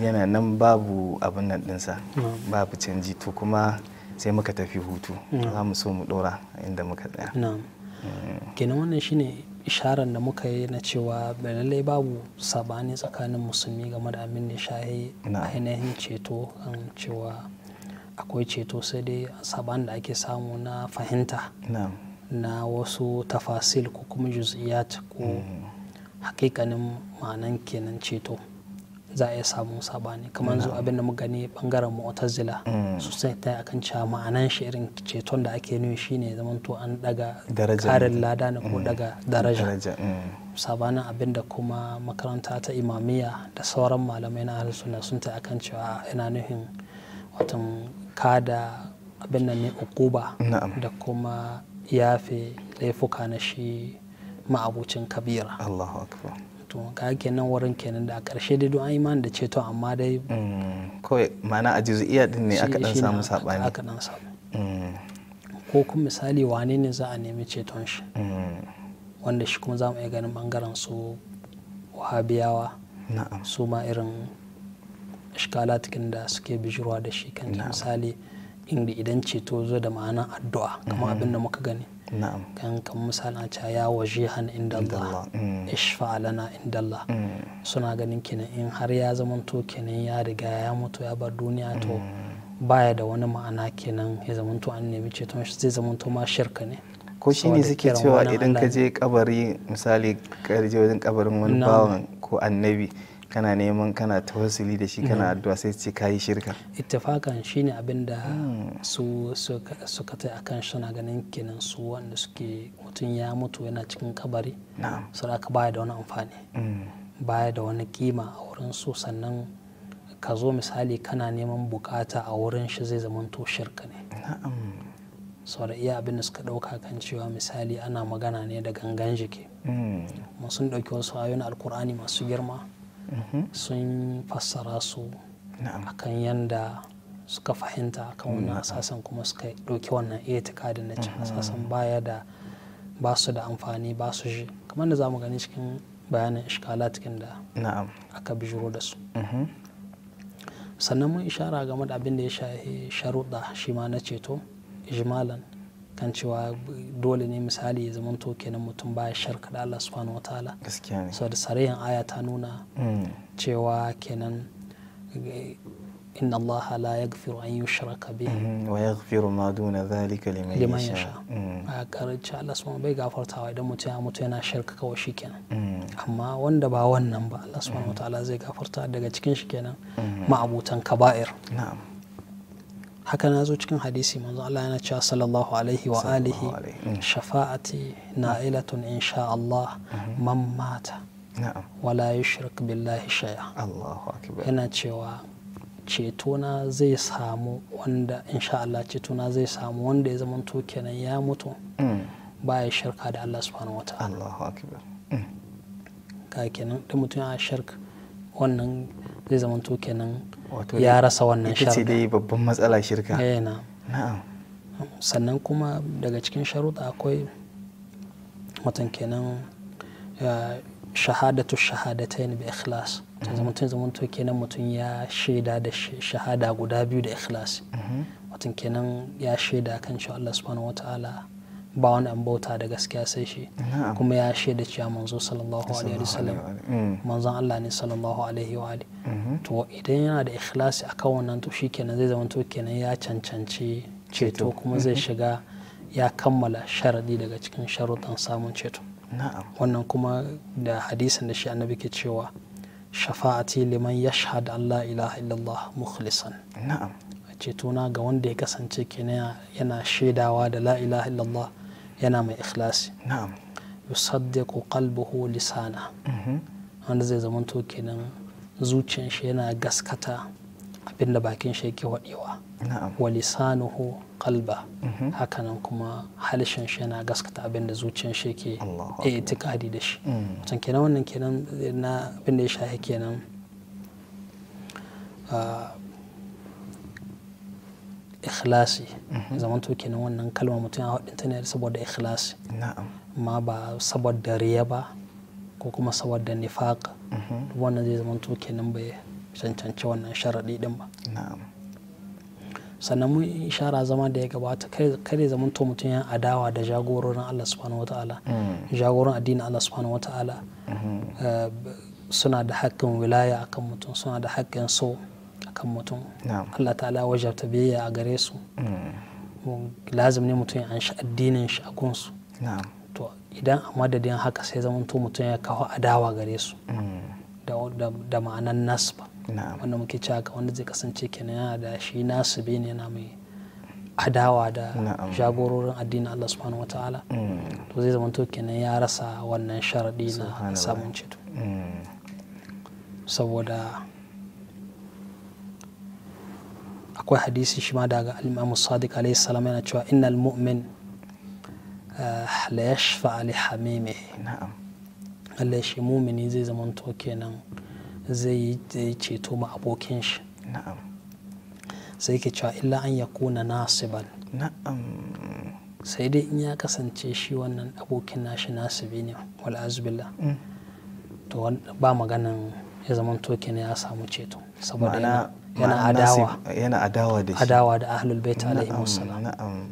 yana nan babu abin nan ɗinsa babu canji to kuma sai muka tafi hutu za mu so mu dora inda muka tsaya mm. kenan wannan shine isharar da muka yi na cewa lallai babu sabani tsakanin musulmi game da amin da shahi ainihin ceto an um, cewa akwai ceto sai dai sabanin da ake samu na fahimta na wasu tafasil ko kuma juz'iyat ko mm. hakikanin ma'anan kenan ceto za a iya samun sabani kamar zuwa abin da muka gani bangaren mu'tazila mm. su sai ta akan cewa ma'anan shi irin ceton da ake nuni shine zaman to an daga karin lada ne ko daga mm. daraja mm. sabanin abin da kuma makaranta ta imamiya da sauran malamai na harsuna sunna sun ta akan cewa yana nuhin watan kada abin nan ne ukuba da kuma yafe laifuka na shi ma'abucin kabira Allahu akbar to ka kenan wurin kenan da karshe dai don an imani da ceto amma dai mm, kawai mana a jizu'iya din ne aka dan samu sabani aka dan samu mm. ko kuma misali wane ne za a nemi ceton shi mm. wanda shi kuma za mu iya ganin bangaren su wahabiyawa su ma irin shikalatikin da suke bijirwa da shi kan misali inda idan ceto zo da ma'ana addu'a kamar mm-hmm. abin da muka gani kan kan misalin a ya waje han inda Allah ishfa lana inda Allah mm. mm. suna ganin kenan in har ya zamanto kenan ya riga ya mutu ya bar duniya mm. to baya da wani ma'ana kenan ya zamanto an nemi ce ceton shi zai zamanto ma shirka ne ko shine suke cewa idan ka je kabari misali ka je wajen kabarin wani bawan ko annabi kana neman kana tawassuli da shi kana mm-hmm. addu'a sai ce kayi shirka ittifakan shine abin da mm. su suka ta akan shi na ganin kenan su wanda suke mutum ya mutu yana cikin kabari su aka baya da wani amfani mm. baya da wani kima a wurin su sannan ka zo misali kana neman bukata a wurin shi zai zamanto shirka ne sau da iya abin da suka ɗauka kan cewa misali ana magana ne da gangan jiki mm. mun sun ɗauki wasu ayoyin alkur'ani masu girma sun fassara su kan yanda suka fahimta kan wannan asasan kuma suka ɗauki wannan etikadin na cin mm-hmm. asasan baya da ba su da amfani ba su shi kamar da za mu gani cikin bayanin cikin da aka bijiro da su mm-hmm. sannan mun ishara game da abin da ya shahi sharuɗa shi ma na ceto ijmalan kan cewa dole ne misali ya zama to kenan mutum baya sharka da Allah subhanahu wataala so da aya ta nuna hmm. cewa kenan inna Allah la yaghfiru an yushraka bihi hmm. wa yaghfiru ma duna dhalika liman yasha hmm. a karanci Allah subhanahu bai gafartawa idan mutum ya mutu yana shirka kawai kenan amma wanda ba wannan ba Allah subhanahu wataala zai gafarta daga cikin shi kenan ma'abutan kaba'ir haka na zo cikin hadisi manzo Allah yana cewa sallallahu alaihi wa alihi mm. shafa'ati na'ilatun insha Allah mm-hmm. man mata wala yushrik billahi shay'a Allahu akbar yana cewa cetona zai samu wanda insha Allah cetona zai samu wanda ya zamanto kenan ya mutu mm. ba ya shirka da Allah subhanahu wa Allahu akbar mm. ka kenan da mutum ya shirka wannan zai zamanto kenan ya rasa wannan sharuɗa. ita ce dai babban matsala shirka Eh na. sannan kuma daga cikin sharuɗa akwai watan kenan shahadatu shahadatain bi ikhlas mhm. zamanto zamanto kenan mutum ya shaida da shahada guda biyu da ikhlas watan mhm. kenan ya shaida kan cewa Allah subhanahu ta'ala. ba wani an bauta da gaskiya sai shi kuma ya shaida cewa manzo sallallahu alaihi wa sallam mm. manzon Allah ne sallallahu alaihi wa mm-hmm. to idan yana da ikhlasi akan wannan to shikenan zai zama to kenan ya cancanci ceto kuma zai mm-hmm. shiga ya kammala sharadi daga cikin sharuɗan samun ceto wannan kuma da hadisin da shi annabi ke cewa shafa'ati liman yashhad Allah ilaha illallah mukhlisan na'am na ga wanda ya kasance kenan yana shaidawa da la ilaha illallah yana mai ikhlasi na'am yusaddiqu qalbuhu lisana mhm. wanda zai to kenan zuciyar shi yana gaskata abinda bakin shi yake wadewa wa lisanuhu qalba mhm. hakanan kuma halishin shi yana gaskata abinda zuciyar shi yake itikadi da shi can mm. kenan wannan kenan na da ya shahi kenan ah, ikhlasi mhm. to kenan wannan kalma mutum a haɗin ta ne saboda ikhlasi amma ba saboda riya ba ko kuma saboda nifaq mhm. wannan zai to kenan bai cancanci wannan sharaɗi din ba sannan mun ishara zama da ya gabata kare zaman to mutum yan adawa da jagororin Allah subhanahu wataala mm. jagoran addinin Allah subhanahu wataala mhm. eh, suna da hakkin wilaya akan mutum suna da haƙƙin so kan mutum Allah ta'ala wajabta biyayya a gare su mm. lazim ne mutum ya an shi addinin shi a kunsu to idan a madadin haka sai zamanto mutum ya kawo adawa gare su mm. da ma'anan nasu ba wanda muke cewa wanda zai kasance kenan yana da shi nasu bene yana mai adawa da jagororin addini Allah subhanahu wataala mm. to zai zamanto kenan ya rasa wannan sharaɗi na samun ceto saboda akwai hadisi shi ma daga al Sadiq alayhi salam yana cewa innal mu'min ah, la yashfa li hamimi na'am Allah shi mumini zai to kenan zai yi ceto ma abokin shi na'am sai ke cewa illa an yakuna nasiban na'am sai dai in ya kasance shi wannan abokin nashi nasibi ne wal azbillah mm. to ba maganan ya zamanto kenan ya samu ceto saboda yana adawa yana adawa da shi adawa da ahlul bait alaihi wasallam na'am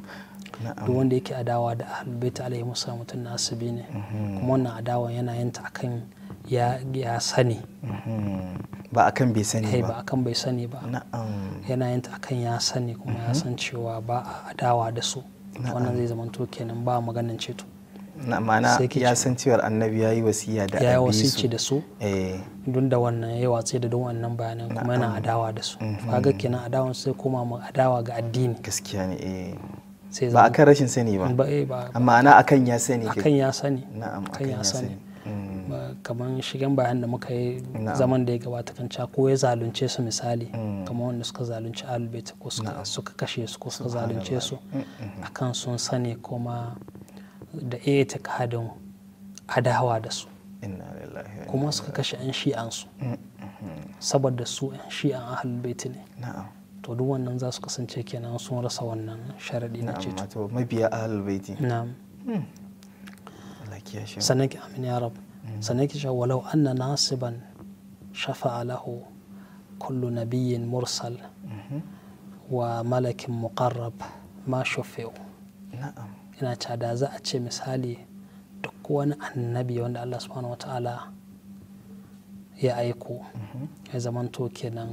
duk wanda yake adawa da ahlul bait alaihi wasallam mutun nasibi ne mhm. kuma wannan adawa yana yin ta akan ya ya sani mhm. ba akan bai sani ba ba akan bai sani ba na'am yana yin ta akan ya sani kuma ya mhm. san cewa ba a adawa da su wannan zai zama to kenan ba maganin ceto ma'ana ya san cewar annabi ya yi wasiya da ya wasici da su eh. don da wannan ya watse da don wannan bayanan kuma yana adawa da su mhm. kaga kenan adawa sai kuma mu adawa ga addini gaskiya ne eh ba akan rashin sani ba eh, amma ana akan ya sani akan ya sani na'am akan ya sani mm. kamar shigen bayan da muka yi zaman da ya gabata kan cewa ko ya zalunce su misali mm. kamar wanda suka zalunci albert ko suka kashe su ko suka zalunce su mm, akan sun sani kuma da kadin adawa da su kuma suka kashe 'yan shi'ansu mm, mm-hmm. saboda su 'yan shi'an ahlul baiti ne to duk wannan za su kasance kenan sun rasa wannan sharaɗi na ceto mabiya na'am hmm. sanaki amin ya rab hmm. sanaki sha walau anna nasiban shafa alahu kullu nabiyyin mursal mm-hmm. wa malakin mukarrab ma shafi'u na'am ina cada da za a ce misali duk wani annabi wanda Allah subhanahu wata'ala ya aiko mhm. ya zamanto kenan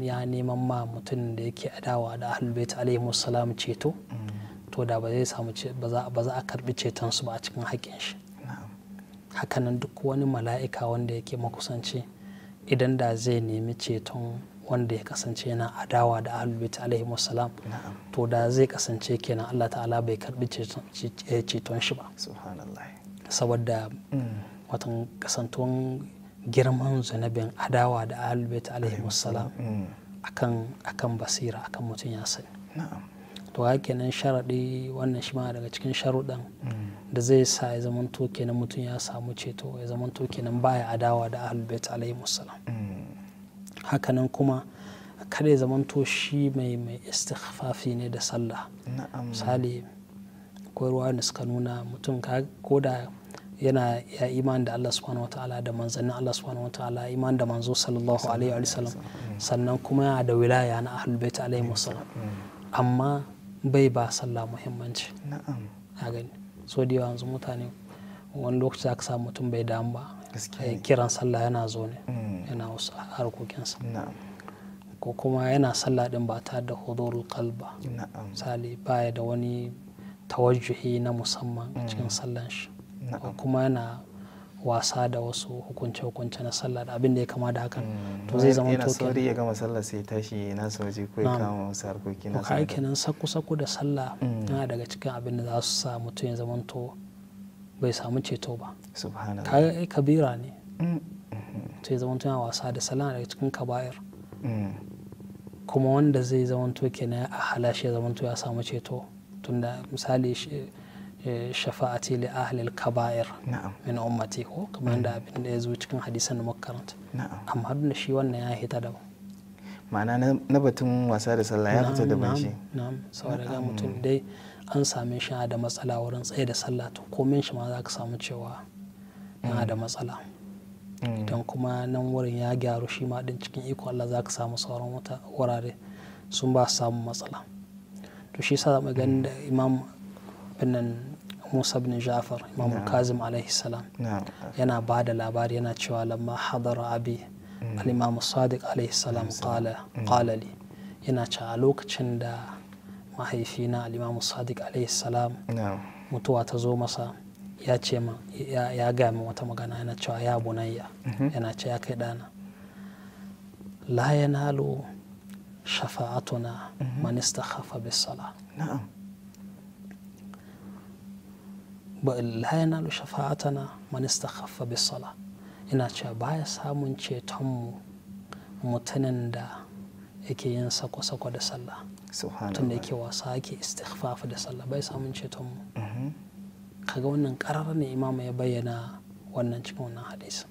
ya neman ma mutum da yake adawa da ahlulbait alaihi salam ceto mhm. to da ba zai samu ba za a karbi ceton su ba a cikin haƙƙin shi hakanan duk wani mala'ika wanda yake makusanci idan da zai nemi ceton wanda ya kasance yana adawa da alubita alaihi wasalam to da zai kasance kenan Allah ta'ala bai karbi ceton shi ba saboda mm. watan kasantuwan girman zunubin adawa da alubita alaihi wasalam mm. akan basira akan mutum ya sani to ga kenan sharaɗi wannan shi ma daga cikin sharuɗan mm. da zai sa ya zamanto kenan mutum ya samu ceto ya zamanto kenan baya adawa da alubita alaihi wasalam hakanan kuma kada ya to shi mai mai istighfafi ne da sallah misali koyarwa ne suka nuna mutum ko da yana ya iman da Allah subhanahu wataala da manzannin Allah subhanahu wataala iman da manzo sallallahu alaihi wa sallam sannan kuma yana da wilaya na ahlul bait alaihi wasallam amma bai ba sallah muhimmanci na'am a gani so da yanzu mutane wani lokaci aka samu mutum bai damu ba kiran sallah yana zo ne mm. yana wasu harkokinsa ko kuma yana sallah din ba ta da hudurul kalba misali baya da wani tawajjuhi na musamman a mm. cikin sallan shi ko kuma yana wasa da wasu hukunce-hukunce na sallah da abin da ya kama da hakan mm. to zai zama to sauri ya gama sallah sai tashi na waje ko ya kama wasu harkoki na sallah kenan saku-saku da sallah yana daga cikin abin da za su sa mutum ya zama to bai samu ceto ba kaga kabira ne mm. to ya zama yana wasa da salama daga cikin kaba'ir mm. kuma wanda zai zama to kenan a halashe ya to ya samu ceto tunda misali eh, shafa'ati li ahlil kaba'ir min ummati ko kuma da mm. abin da ya zo cikin hadisan da makaranta amma duk da shi wannan ya hita da ma'ana na batun wasa da sallah ya fita da ban shi na'am saboda ga mutum dai an same shi da matsala wurin tsaye da sallah to komin shi ma za ka samu cewa na da matsala mm. idan kuma nan wurin ya gyaru shi ma din cikin iko Allah za ka samu sauran wata wurare sun ba samu matsala to shi sa mu ganin da imam binnan Musa bin Ja'far imam Kazim alaihi salam yana ba da labari yana cewa lamma hadara abi mm. al-imam Sadiq alaihi salam qala mm. qala li yana cewa lokacin da mahaifina alimamu sadiq alaihi salam mutuwa ta zo masa ya ce ma ya gami wata magana yana cewa ya bunayya mhm. yana ce ya kai dana mhm. la yanalu shafa'atuna man istakhafa bis sala la yanalu shafa'atuna man istakhafa bis sala ina cewa baya samun ceton mu mutumin da yake yin sako-sako da sallah tun da yake wasa ake istighfafa da sallah bai samun ceton mu mm-hmm. kaga wannan karar ne imamu ya bayyana wannan cikin wannan hadis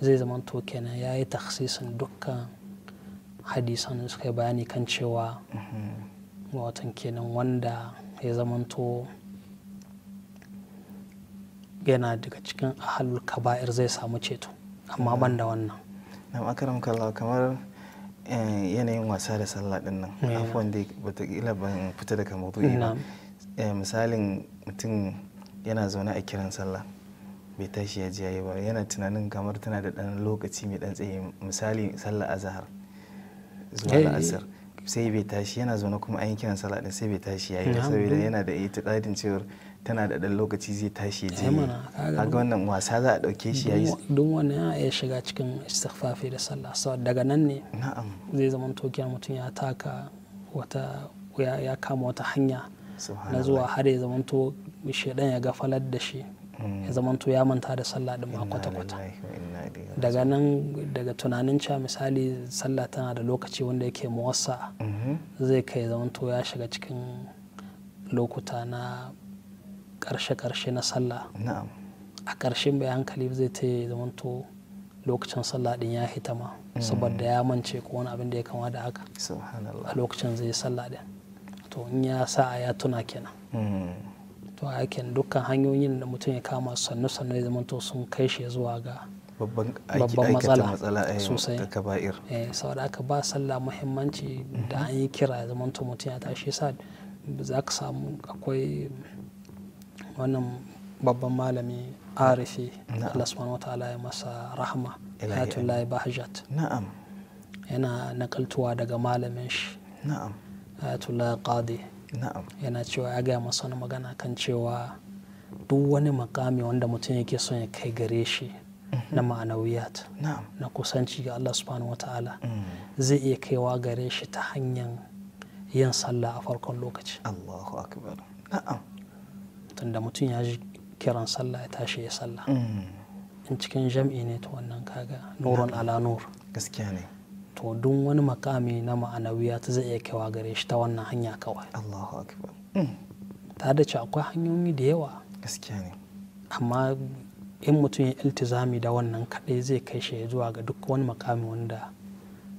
zai zama to kenan ya yi taksisin dukkan hadisan suka yi bayani kan cewa mm-hmm. watan kenan wanda ya zama to yana daga cikin ahalul kaba'ir zai samu ceto amma mm-hmm. ban da wannan na makaram kamar Eh, yanayin wasa da sallah din nan eh. afuwan da watakila ban fita daga maudu'i ba eh, misalin mutum yana zaune a kiran sallah bai tashi ya ji yayi ba yana tunanin kamar tana da ɗan lokaci mai ɗan tsaye misali sallah azhar zuwa la'asar sai bai tashi yana zaune kuma an yi kiran sallah din sai bai tashi yayi ba saboda yana da ita itiqadin cewar tana da ɗan lokaci zai tashi je eh kaga wannan wasa za a ɗauke shi yayi duk wani ya iya shiga cikin istighfafi da sallah so daga nan ne zai zama tokiya mutum ya taka wata ya kama wata hanya na zuwa har ya zama to shedan ya gafalar da shi mm. ya zama to ya manta da sallah din ma kwata kwata daga nan daga tunanin cewa misali sallah tana da lokaci wanda yake muwassa mm-hmm. zai kai zama to ya shiga cikin lokuta na Karshe-karshe na sallah a karshen bai hankali zai ta zamanto lokacin sallah din ya hita ma saboda ya mance ko wani abin da ya kama da haka a lokacin zai sallah din to in ya sa a ya tuna kenan mm. to a yakin dukkan hanyoyin da mutum ya kama sannu sannu ya zamanto sun kai shi zuwa ga babban matsala eh, sosai eh, saboda aka ba sallah muhimmanci da mm-hmm. an yi kira ya zamanto mutum ya tashi sa za ka samu akwai wannan babban malami arifi Allah subhanahu wa ta'ala ya masa rahma Ayatullahi Bahjat na'am yana nakaltuwa daga malamin shi na'am Ayatullahi Qadi na'am yana cewa ya gaya masa wani magana kan cewa duk wani makami wanda mutum yake son ya kai gare shi mhm. na ma'anawiyat na kusanci ga Allah subhanahu wata'ala mm. zai iya kaiwa gare shi ta hanyar yin sallah a farkon lokaci Allahu akbar na'am da mutum ya ji kiran sallah ya tashi ya sallah mm. in cikin jam'i ne to wannan kaga nurun ala nur gaskiya ne to duk wani makami na ma'anawiya ta zai iya kewa gare shi ta wannan hanya kawai Allahu akbar mm. ta da akwai hanyoyi da yawa gaskiya ne amma in mutum ya iltizami da wannan kaɗai zai kai shi zuwa ga duk wani makami wanda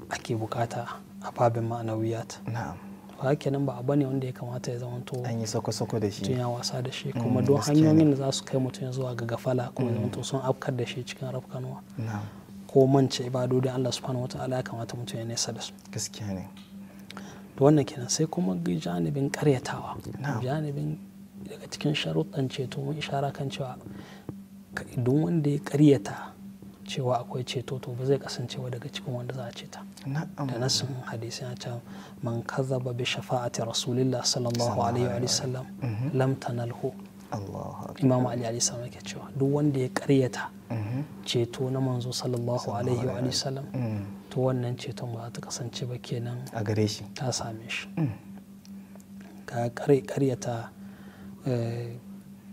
ake bukata a babin ma'anawiyat na'am ba kenan ba abu ne wanda ya kamata ya zama to an yi soko-soko da shi tun wasa da shi kuma mm, don hanyoyin da za su kai mutum zuwa ga gafala kuma zama to sun afkar da shi cikin rafkanuwa ko mance ibadodin Allah subhanahu wataala ya kamata mutum ya nesa da su gaskiya ne to wannan kenan sai kuma janibin karyatawa janibin daga cikin sharuɗan ceto mun ishara kan cewa duk wanda ya karyata cewa akwai ceto to ba zai kasancewa daga cikin wanda za a ceta da nasin hadisi ya ce man ba bi shafa'ati rasulillah sallallahu alaihi wa sallam lam tanalhu imam ali alaihi sallam yake cewa duk wanda ya karyata mhm. ceto na manzo sallallahu alaihi wa sallam mm. to wannan ceton ba za ta kasance ba kenan a gare shi ta same shi mm. ka karyata eh,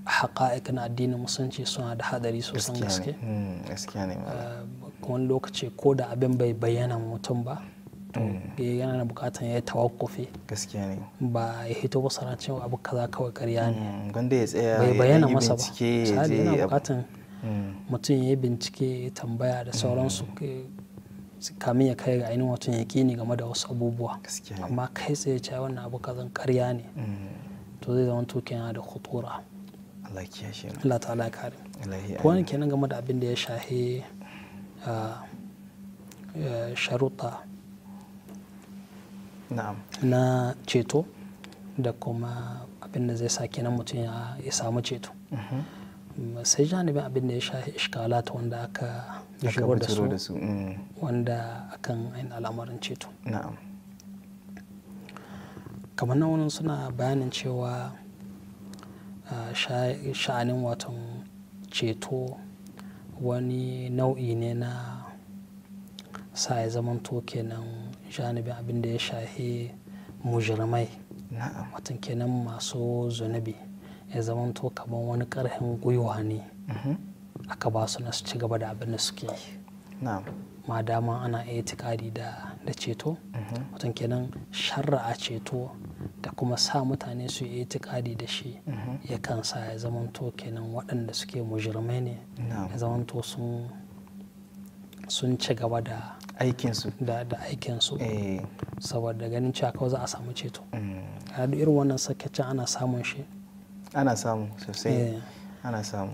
haƙa'ik na addinin musulunci suna da hadari sosan gaske hmm, eh, wani lokaci ko da abin bai bayyana mutum ba hmm. eh, yana da bukatar ya tawakkufe ba ya hito ba sana cewa abu kaza kawai karya ne hmm, bai bayyana masa ba misali yana bukatar mutum ya yi bincike ya tambaya da sauransu kamin ya kai ga ainihin mutum ya kini game da wasu abubuwa amma kai tsaye cewa wannan abu kazan karya ne to zai zama to yana da khutura Allah ta'ala ya kare to wannan kenan game da abin da ya shahe ah, eh, sharuta na ceto da kuma abin da zai sa kenan mutum ya samu ceto mhm. mm, sai janibin abin da ya shahi ta wanda aka shigar da su mm. wanda akan ainihin al'amarin ceto kamar nan suna bayanin cewa sha'anin watan ceto wani nau'i ne na sa ya zamanto kenan janibin abin da ya shahi mujirmai watan kenan masu zunubi ya zamanto kamar wani karhin gwiwa ne mm-hmm. aka ba su na su ci gaba da abin da suke ma dama ana iya tikari da da ceto mutum kenan sharra'a ceto da kuma sa mutane su yi itikadi da shi kan sa ya zamanto kenan waɗanda suke mujirmai ne ya zamanto sun ci gaba da aikinsu da aikinsu eh. saboda ganin cewa kawai za a samu ceto mm. a duk irin wannan sakacin ana samun shi ana samu sosai eh. ana samu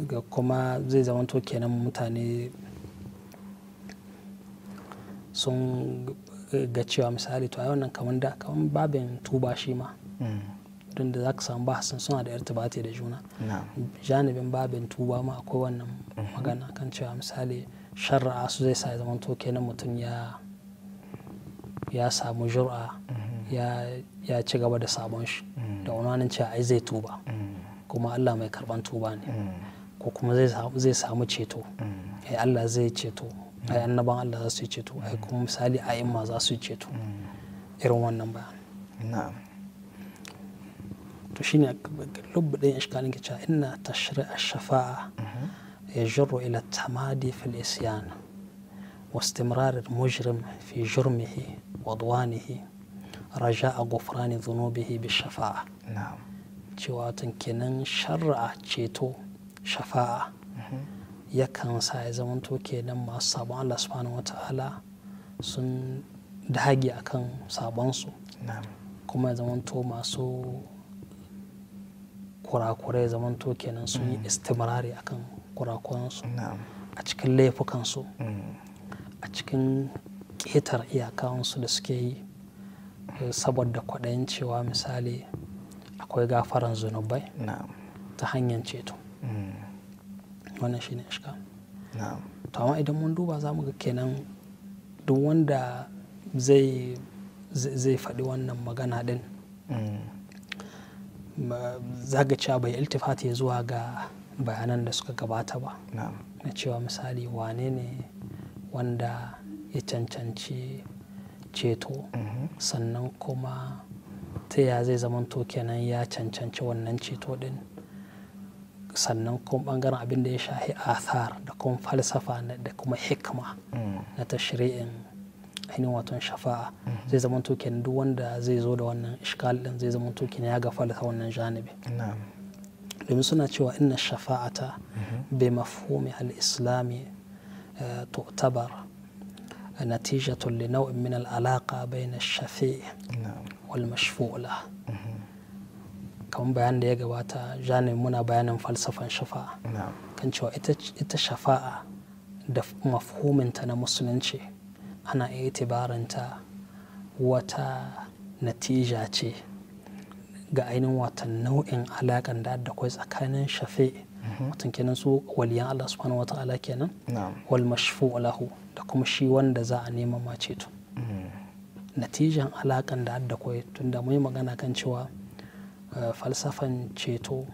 ga kuma zai zamanto kenan mutane sun ga cewa misali to a wannan kamar da kamar babin tuba shi ma mm. don da za ka samu ba suna da irtibati da juna janibin babin tuba ma akwai wannan mm-hmm. magana kan cewa misali shara'a su zai sa zaman to kenan mutum ya ya samu jura mm-hmm. ya ci gaba da sabon shi mm. da unanin cewa ai zai tuba mm. kuma Allah mai karban tuba ne ko kuma zai samu ceto eh, Allah zai ceto ai annaban Allah za su ceto ai kuma misali a imma za su ceto irin wannan bayan na'am to shine lubbu ɗayan ishkalin ke cewa inna tashri'a shafa'a يجر إلى التمادي في الإسيان واستمرار المجرم في جرمه وعدوانه رجاء غفران ذنوبه بالشفاعة نعم cewa kenan shari'a ceto shafa'a yakan sa ya zama to kenan masu sabon Allah subhanahu wata'ala sun dage akan sabonsu kuma ya zama to masu kurakurai ya zama to kenan sun yi mm. istimrari akan kurakuransu a cikin laifukansu mm. a cikin ƙetar iyakansu da suke yi eh, saboda kwaɗayin cewa misali akwai gafaran zunubai ta hanyar ceto. Mm. wannan shine ishka to amma idan mun duba za mu ga kenan duk wanda zai zai faɗi wannan magana ɗin mm. zaga cewa bai iltifati zuwa ga bayanan da suka gabata ba na cewa misali wane ne wanda ya cancanci ceto mm-hmm. sannan kuma ta ya zai zamanto kenan ya cancanci wannan ceto ɗin sannan kuma bangaren abin da ya shahi athar da kuma falsafa da kuma hikma na tashri'in ainihin waton shafa'a zai zama token duk wanda zai zo da wannan ishkal din zai zama token ya ga falsa wannan janibi domin suna cewa inna shafa'ata bai mafhumi al-islami تعتبر نتيجة لنوع من العلاقة بين الشفيع والمشفوع له kamar bayan da ya gabata jani muna bayanin falsafan shafa'a kan cewa ita shafa'a da mafhuminta na musulunci ana iya tibaranta wata natija ce ga ainihin watan nau'in alaƙar da da kwai tsakanin shafe watan mhm. kenan su waliyan Allah wata ala kenan wal mashfu lahu da kuma shi wanda za a nema mace ceto mhm. natijan alaƙan da da kwai tunda mai magana kan cewa Eh, falsafan ceto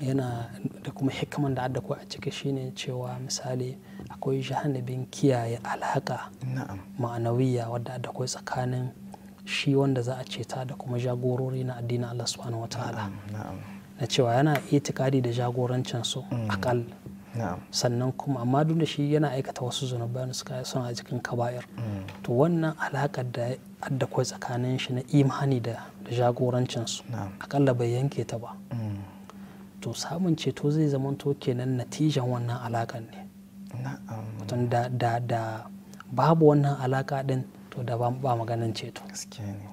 yana da kuma hikiman da adda a ciki shine cewa misali akwai jahannabin kiyaye alhaka ma'anawiya wadda adda tsakanin shi wanda za a ceta da kuma jagorori na addinin Allah subhanahu wa na cewa yana itikadi da jagorancinsu su mm. akal sannan kuma amma duk da shi yana aikata wasu zunuban suka son a cikin kaba'ir mm. to wannan alaƙar da addakwai tsakanin shi na imani da jagorancin su akalla bai yanke ta ba mm. to samun ceto zai zama to kenan natijan wannan alaƙar ne da babu wannan alaƙa din to da ba maganin ceto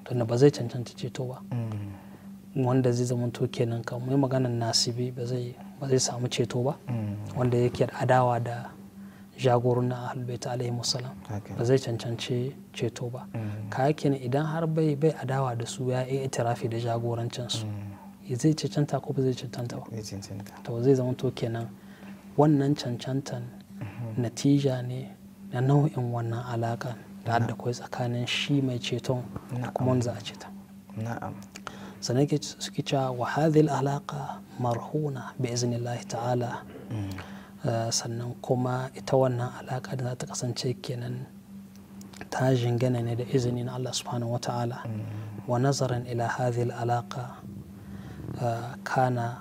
tunda ba zai cancanta ceto ba mm. wanda zai zama zamanto kenan kamar maganan nasibi ba zai ba zai samu ceto ba wanda yake adawa da jagorun na ahalbaita alaihi musallam ba zai cancanci ceto ba mm. ne idan har bai bai adawa da su ya iya itirafi da jagorancinsu mm. zai cancanta ko ba zai cancanta ba to zai zama to kenan wannan cancantan mm-hmm. natija ne na nau'in wannan alaka da haddakwai tsakanin shi mai ceton da kuma wanda a ceta سنجد سكيتشا وهذه الألاقة مرهونة بإذن الله تعالى آه، سنن كما إتوانا ألاقة ذات قصن تيكينا تاجن جنن إذن الله سبحانه وتعالى ونظرا إلى هذه الألاقة آه، كان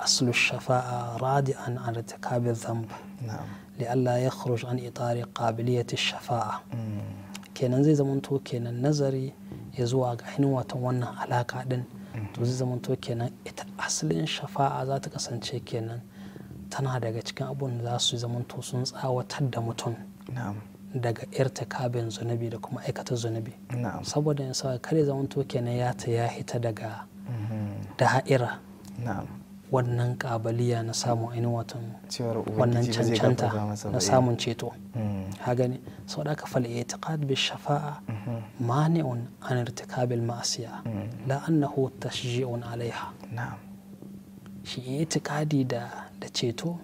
أصل الشفاء رادعا عن ارتكاب الذنب نعم لئلا يخرج عن إطار قابلية الشفاعة kenan zai zamanto kenan nazari ya zuwa ga ainihin watan wannan alaka din to zai zamanto kenan ita asalin shafa'a za ta kasance kenan tana daga cikin abun da za su zamanto sun tsawatar da mutum daga irtikabin zunubi da kuma aikata zunubi saboda yasa kare zamanto kenan ya ta ya hita daga ha'ira. Mhm. wannan kabaliya na samun ainihin watan wannan cancanta na eh. samun ceto haga hmm. ne sau da aka fal itiqad bi shafa'a mhm. mani'un an irtikabil ma'asiya hmm. la annahu tashji'un alaiha shi itiqadi da da ceto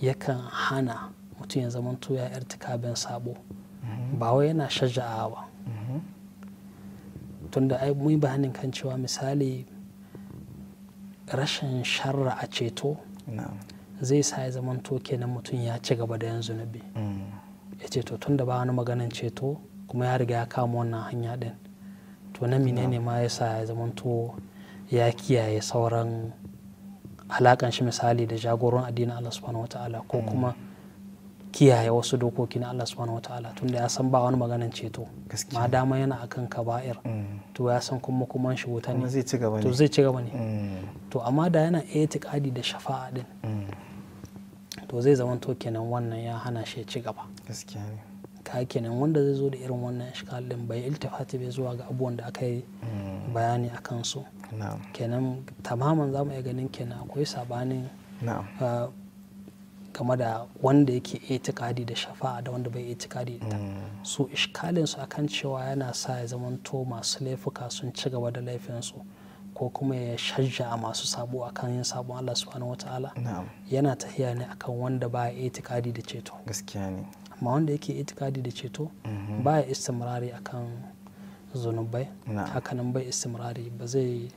yakan hana mutum ya zamanto ya irtikabin sabo mhm. ba wai yana shaja'awa mhm. tunda ai mu bayanin kan cewa misali rashin sharra a ceto zai sa ya zamanto kenan mutum ya ci gaba da yan zunubi mm. ya ceto tun da ba wani maganin ceto kuma ya riga ya kama wannan hanya din to na ne ma ya sa ya zamanto ya kiyaye sauran alakan shi misali da jagoran addinin Allah subhanahu wata'ala ko mm. kuma kiyaye wasu dokoki na Allah subhanahu wa ta'ala tunda ya san ba wani maganan ceto ma dama yana akan kaba'ir mm. to ya san kuma kuma shi wuta ne to zai ci gaba ne mm. to amma da yana itiqadi da shafa'a din mm. to zai zama to kenan wannan ya hana shi ci gaba gaskiya ne ka kenan wanda zai zo da irin wannan ishkal din bai iltifati bai zuwa ga abubuwan da aka yi bayani akan su kenan tamaman za mu iya ganin kenan akwai sabanin ah, game da wanda yake itikadi da shafa'a da wanda bai itikadi da ta mm. so ishkalin su akan cewa yana sa ya zamanto masu laifuka sun ci gaba da laifinsu ko kuma ya shajja a masu sabo kan yin sabon Allah subhanahu wataala yana tahiya ne akan wanda ba itikadi da ceto amma wanda yake itikadi da ceto mm-hmm. ba ya istimrari akan zunubai hakanan bai istimrari ba zai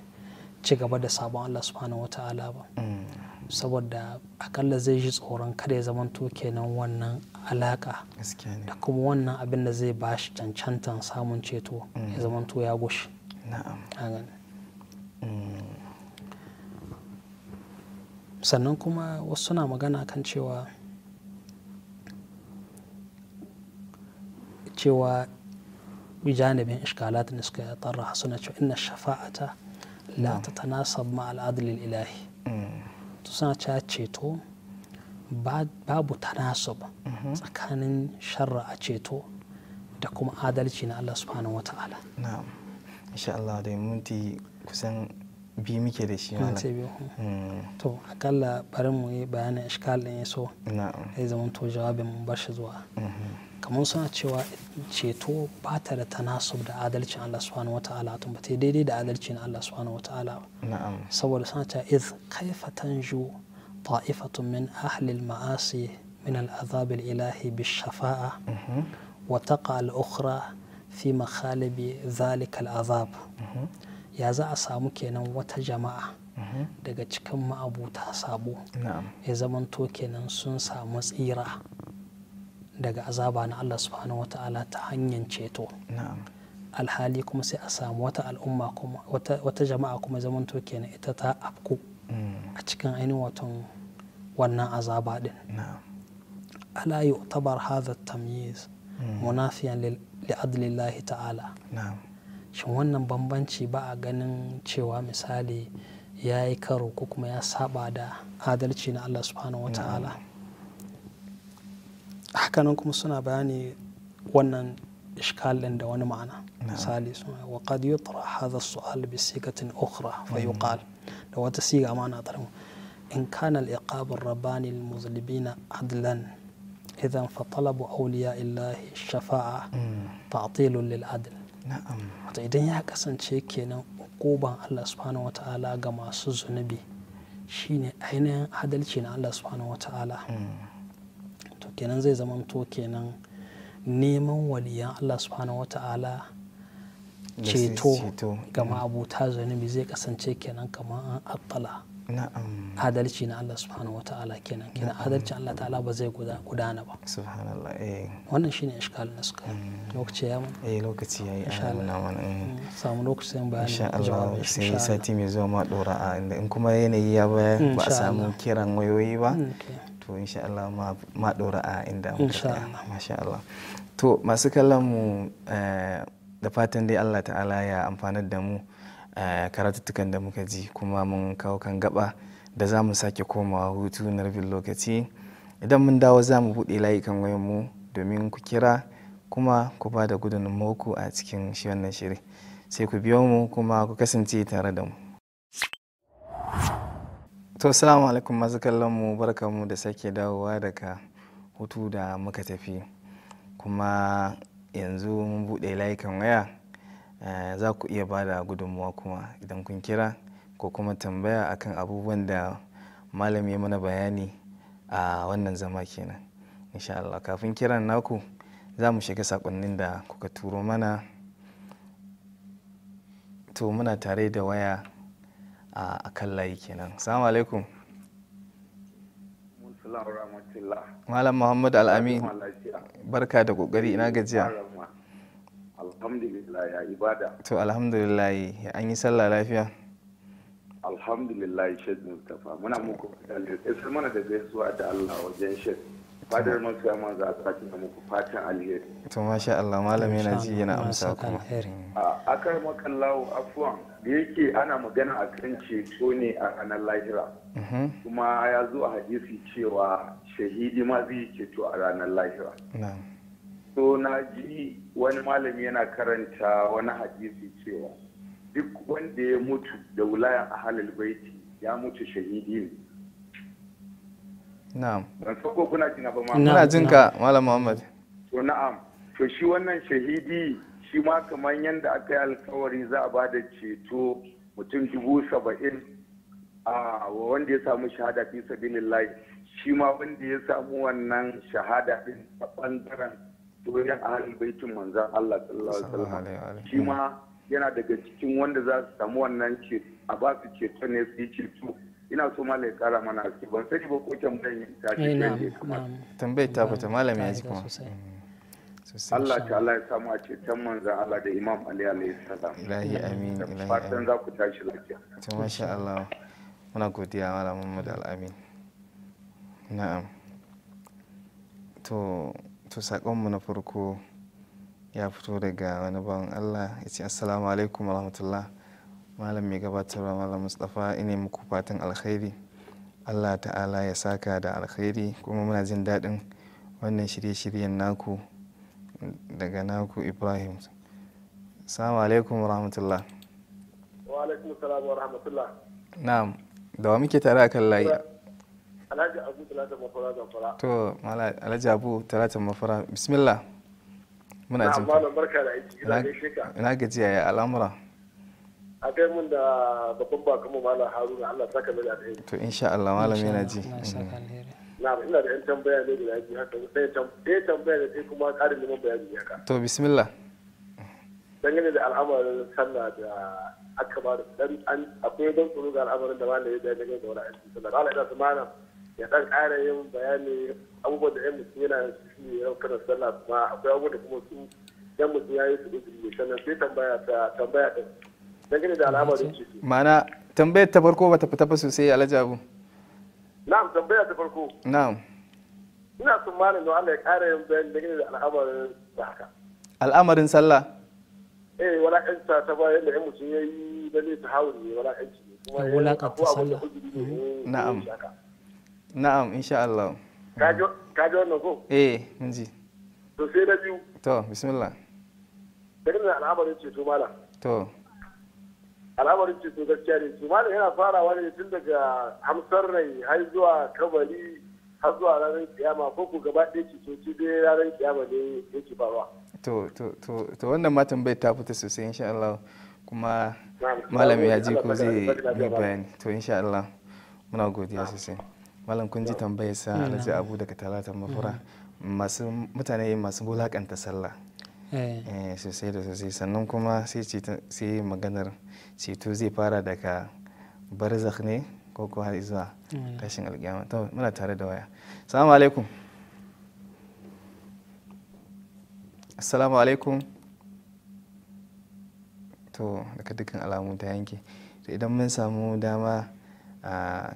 ci gaba da sabon Allah subhanahu wata'ala ba saboda akalla zai ji tsoron kada ya zamanto kenan wannan alaka da kuma wannan abin da zai bashi cancantan samun ceto ya to ya gushi sannan kuma wasu suna magana kan cewa cewa bijanibin iskalatin a suka tarra suna cewa ina shafa'ata la ta tanasab ma al'adalin ilahi to suna cewa ceto babu tanasab tsakanin sharra a ceto da kuma adalci na Allah subhanahu wa ta'ala na'am insha Allah da kusan bi muke da shi mana to akalla bari mu yi bayanin iskal din so na'am zai zama to jawabin mun bar shi zuwa kamar suna cewa ceto ba ta da tanasub da adalcin Allah subhanahu wata'ala tun ba ta daidai da adalcin Allah subhanahu wata'ala ba saboda suna cewa iz kaifa tanju ta'ifatun min ahli al-ma'asi min al-azab al-ilahi bi shafa'a wa taqa al-ukhra fi makhalibi zalika al-azab ya za a samu kenan wata jama'a daga cikin ma'abuta sabo ya zamanto kenan sun samu tsira daga azaba na Allah subhanahu wa ta'ala ta hanyar ceto alhali kuma sai a samu wata al'umma kuma wata jama'a kuma zamanto kenan ita ta afku mm. a cikin ainihin watan wannan azaba din ala otabar hadha tamiz mm. munafiyan li'adlillahi ta'ala shin wannan bambanci ba a ganin cewa misali ya yi karo ko kuma ya saba da adalci na Allah subhanahu wa ta'ala hakanan kuma suna bayani wannan ishkalin da wani ma'ana misali suna wa qad yutra hadha sual bi sigatin ukhra fa hmm. yuqal da wata siga ma'ana tarmu in kana al-iqab ar-rabbani al adlan idan fa talabu awliya illahi shafa'a hmm. ta'tilun lil adl na'am wato idan ya kasance kenan hukuban Allah subhanahu wata'ala ga masu zunubi shine ainihin adalci na Allah subhanahu wata'ala hmm. kenan zai zama to kenan neman waliyan Allah subhanahu wa ta'ala ceto ga ma'abuta mm. zunubi zai kasance kenan kamar an attala adalci na Allah subhanahu wa ta'ala kenan kenan adalci Allah ta'ala ba zai gudana ba subhanallah eh wannan shine iskal na suka mm. lokaci ya mun eh lokaci yayi eh. mm, insha Allah mun samu lokacin bayani insha Allah sai sati mai zuwa ma dora a inda in kuma yanayi ya ba ba a samu kiran wayoyi ba to insha Allah ma ɗora a inda masha Allah to masu kallon mu eh, da fatan dai Allah ta'ala ya amfanar da mu eh, karatuttukan da muka ji kuma mun kawo kan gaba da za mu sake komawa hutu na rabin lokaci idan mun dawo za mu buɗe layukan wayan mu domin ku kira kuma ku ba da gudunmu a cikin shi wannan shiri sai ku biyo mu kuma ku kasance tare da mu to salamu alaikum masu kallon mu barkamu da sake dawowa daga hutu da muka tafi kuma yanzu mun buɗe layukan waya eh, za ku iya ba da gudunmuwa kuma idan kun kira ko kuma tambaya akan abubuwan da malam ya mana bayani a wannan zama kenan insha Allah kafin kiran naku za mu shiga sakonnin da kuka turo mana to muna tare da waya a kan layi kenan salamu alaikum malam muhammad al'amin barka da kokari ina gajiya alhamdulillah ya ibada to alhamdulillah an yi sallah lafiya alhamdulillah shek mustapha muna muku da eh, mana da gaisuwa da allah wajen shek fadar mafiya ma za a sake da muku fatan alheri to masha Allah malam yana ji yana amsa kuma a akar makallawo afuwan da yake ana magana a kan ceto ne a ranar lahira mhm. kuma ya zo a hadisi cewa shahidi ma zai ceto a ranar lahira so na ji wani malami yana karanta wani hadisi cewa duk wanda ya mutu da wulayan ahalul baiti ya mutu shahidi ne na'am ban ko kuna jina ba ma muna jin ka malam muhammad to na'am to shi wannan shahidi shi ma kamar yadda aka yi alkawari za a ba da ceto mutum dubu saba'in a wanda ya samu shahada fi sabilillahi shi ma wanda ya samu wannan shahada din a bangaren doyen ahalul baitin manzan Allah sallallahu alaihi wasallam shi ma yana daga cikin wanda za su samu wannan ce a ba su ceto ne su yi ceto ina so ma lai kara mana aski ban sani ba ko tambayi eh, bayan ta ce ne kuma tambayi ta fata malam ya ji kuma mm, Allah ta Allah ya samu a ceton manzan Allah da Imam Ali alayhi salam ilahi amin ilahi fatan za ku tashi lafiya to masha Allah muna godiya malam Muhammad al-Amin na'am to to mu na farko ya fito daga wani bawan Allah ya ce assalamu alaikum warahmatullahi malam mai gabatarwa malam mustapha ina muku fatan alkhairi allah ta'ala ya saka da alkhairi kuma muna jin daɗin wannan shirye-shiryen naku daga naku ibrahim salamu alaikum wa rahmatullah wa alaikum salam wa rahmatullah na'am da wa muke tare akan layi alhaji abu talata mafara zamfara to alhaji abu talata mafara bismillah muna jin barka da aiki ina gajiya ya al'amura a kai mun da babban bakanmu malam haruna allah saka mai da to insha allah malam yana ji na ina da yan tambaya ne guda biyu haka ɗaya tambaya da sai kuma ƙarin neman bayani ya ka to bismillah dangane da al'amarin sallah da aka ba da dan an akwai don tsoro ga al'amarin da malam ya da dangane da wani aiki sallah malam ina su malam ya dan ƙara yin bayani abubuwan da yan mutum yana shi yau kana sallah kuma akwai abubuwan da kuma su yan mutum ya yi su uzuri sannan sai tambaya ta tambaya ɗin dangane da al'amarin ciki ma'ana tambayar ta farko bata fita ba sosai a lajabu. na'am tambayar ta farko na'am ina sun malam da Allah ya ƙara yin bayani dangane da al'amarin da haka al'amarin sallah eh walakanta ta bayan da yan mutum ya yi dalilin ta hawan ne walakanci ne kuma ya wulakanta sallah mm-hmm. eh, na'am na'am insha Allah ka wannan ko eh mun ji to sai na biyu to bismillah dangane da al'amarin ceto mala. to al'amarin ceto gaskiya ne su malam yana farawa ne tun daga hamsar rai har zuwa kabari har zuwa ranar kiyama ko ku gaba ɗaya ceto ci dai ranar kiyama ne yake faruwa. to to to to wannan ma tambayar ta fita sosai insha Allah kuma malam ya ji ko zai yi bayani to insha Allah muna godiya sosai malam kun ji tambayar sa mm. alhaji abu daga talatan mafura mm. masu mutane masu bulakanta sallah eh. Eh, sosai da sosai sannan kuma sai maganar ceto zai fara daga barzakh ne ko ko har zuwa mm. tashin alƙiyama to muna tare da waya assalamu alaikum assalamu alaikum to daga dukkan alamu ta yanke to idan mun samu dama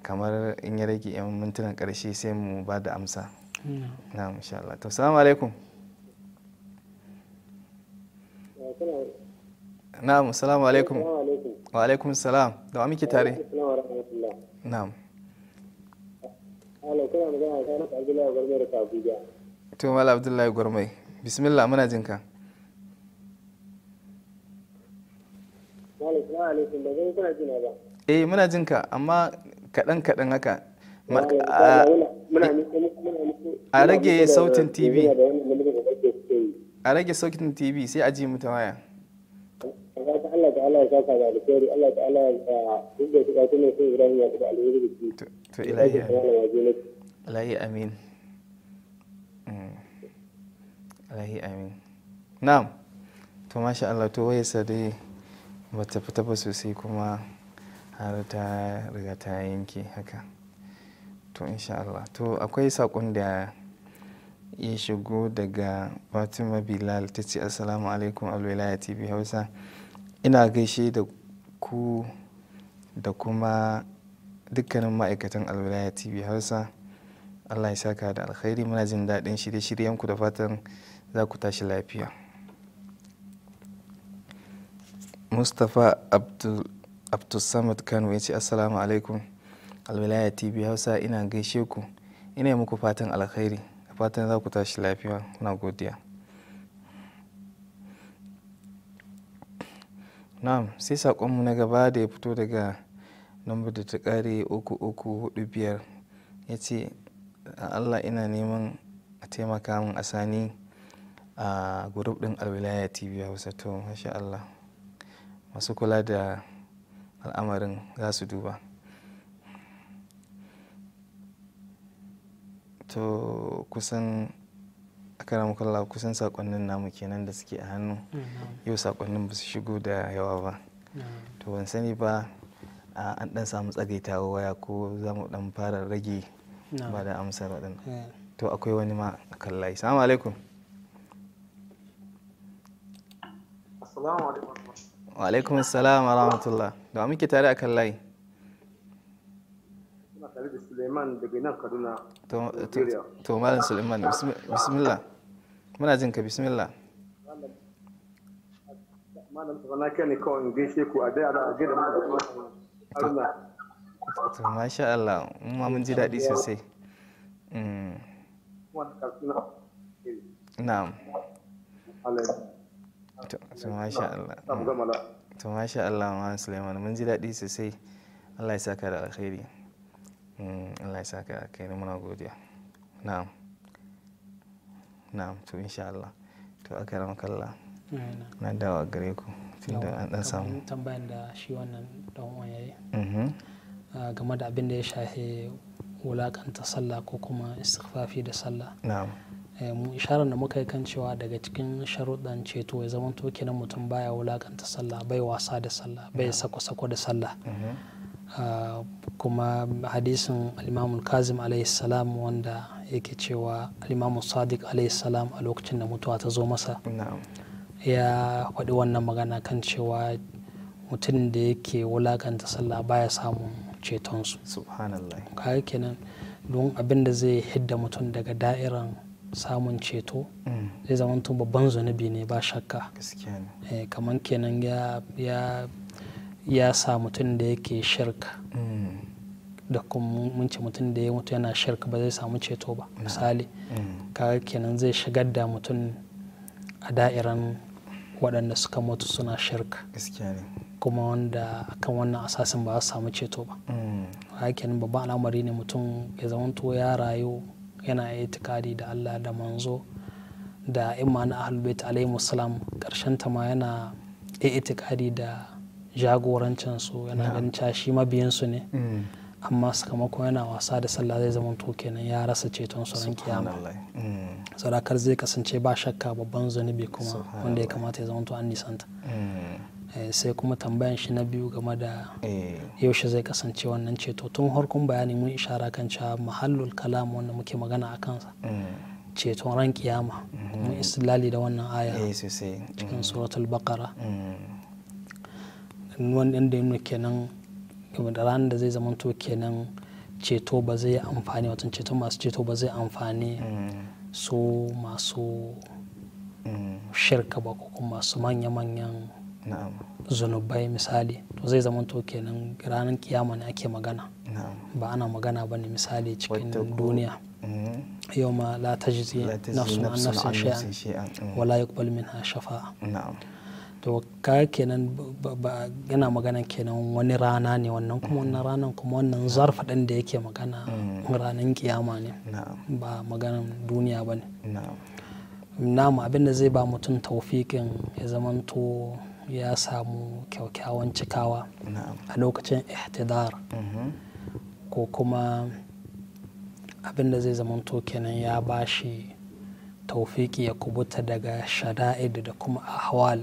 kamar in ya rage yan mintunan karshe sai mu ba da amsa mm. na insha Allah to assalamu alaikum na'am salamu alaikum wa alaikum salam da wa muke tare na'am to mala abdullahi gwarmai bismillah muna jinka eh muna jinka amma kaɗan kaɗan haka a rage sautin tv a rage sautin tv sai a ji mu waya Allah ya saka da alheri Allah ta Allah ya duk da tuka kuma sun Ibrahim ya kuma alheri da shi to ilahi ilahi amin mm. ilahi amin na'am to masha Allah to waye sa dai bata fita ba sosai kuma har ta riga ta yanke haka to insha Allah to akwai sakon da ya shigo daga fatima bilal ta ce assalamu alaikum alwilaya tv hausa ina gaishe da ku da kuma dukkanin ma'aikatan alwilaya tv hausa allah ya saka da alkhairi muna jin daɗin shirye-shiryenku da fatan za ku tashi lafiya mustapha abdulsamad kano ya ce assalamu alaikum alwilaya tv hausa ina gaishe ku ina yi muku fatan alkhairi fatan za ku tashi lafiya na godiya na'am sai saƙonmu na gaba da ya fito daga lambar da ta ƙare uku uku hudu biyar ya ce allah ina neman a taimaka min a sani a gurup ɗin alwilaya tv hausa to masha allah masu kula da al'amarin za su duba to kusan Allah kusan sakonnin namu kenan da suke a hannu yau sakonnin ba su shigo da yawa ba to ban sani ba an dan samu tsagaitawa waya ko za mu dan fara rage ba da amsar waɗanda eh. to akwai wani ma a kan layi salamu alaikum wa alaikum salam wa rahmatullah da muke tare a kan layi Suleiman daga nan Kaduna. To Malam Suleiman bismillah. muna jin ka bismillah to masha Allah ma mun ji daɗi sosai mm. na'am masha Allah to masha Allah ma Suleiman mun ji daɗi sosai Allah ya saka da alkhairi mm, Allah ya saka da alkhairi muna godiya na'am na'am to insha Allah to akaram kallah na dawa gare ku tunda an dan samu tambayan da shi wannan dan uwan yayi mm-hmm. game da abin da ya shafi wulakanta sallah ko kuma istighfafi da sallah na'am eh, mu isharar da muka yi kan cewa daga cikin sharuɗan ceto ya zama to kenan mutum baya wulakanta sallah bai wasa da sallah bai sako-sako da sallah mm-hmm. ah, kuma hadisin alimamul kazim alaihi salam wanda yake cewa alimamu sadiq salam a lokacin da mutuwa ta zo masa ya faɗi wannan magana kan cewa mutum da yake wulakanta sallah baya samun cetonsu subhanallah kenan don abin da zai hidda mutum daga da'iran samun ceto mm. zai zama babban zunubi ne ba shakka eh, kamar kenan ya sa mutum da yake shirka mm. da kuma mun ce mutum da ya mutu yana shirk ba zai samu ceto ba misali mm. kaga kenan zai shigar da mutum a da'iran waɗanda suka mutu suna shirk kuma wanda akan wannan asasin ba za su samu ceto ba mm. kaga kenan babban al'amari ne mutum ya zamanto ya rayu yana itikadi da Allah da manzo da imma na ahlulbait alaihi musulam karshen ta ma yana itikadi da jagorancinsu yana ganin shi mabiyansu ne mm. amma sakamakon yana wasa da sallah zai zama to kenan ya rasa ceton sauran kiyama mm. sadakar zai kasance ba shakka babban zunubi kuma wanda ya kamata ya zama to an nisanta mm. eh, sai kuma tambayan shi na biyu game da eh. yaushe zai kasance wannan ceto tun harkun bayani mun ishara kan cewa mahallul kalam wanda muke magana a kansa mm. ceton ran kiyama mm-hmm. mun istilali da wannan aya eh, cikin suratul baqara wanda ya nuna kenan da ranar da zai zama to kenan ceto ba zai amfani watan ceto masu ceto ba zai amfani mm. su masu mm. shirka ba ko kuma masu manya-manyan zunubai misali to zai zama to kenan ranar kiyama ne ake magana ba ana magana ba ne misali cikin duniya mm. yau ma la tajzi nafsun an nafsu shi'an wala min ha shafa to ka kenan ba yana magana kenan wani rana ne wannan kuma wannan mm-hmm. ranan kuma wannan zarfa ɗin da yake magana mm-hmm. ranar kiyama ne ba maganan duniya ba ne na'am abinda zai ba mutum taufikin ya zamanto ya samu kyaukyawan cikawa a lokacin ihtidar mm-hmm. ko kuma abinda zai zamanto kenan ya bashi taufiki ya kubuta daga shada'id da kuma ahwal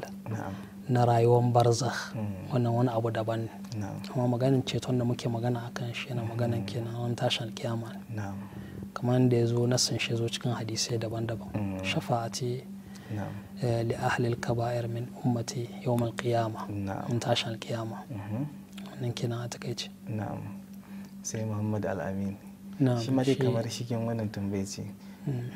na rayuwar barza hmm. wannan wani abu daban ne amma maganin ceton da muke magana a kan shi na maganan hmm. kenan wani tashin kiyama kamar da ya zo nassin shi zo cikin hadisai daban-daban hmm. shafa'ati eh, li ahlil kaba'ir min ummati yawmal qiyama in tashin kiyama mhm. wannan kenan a takaice na'am sai muhammad al-amin shi ma dai kamar shigen wannan tambayi ce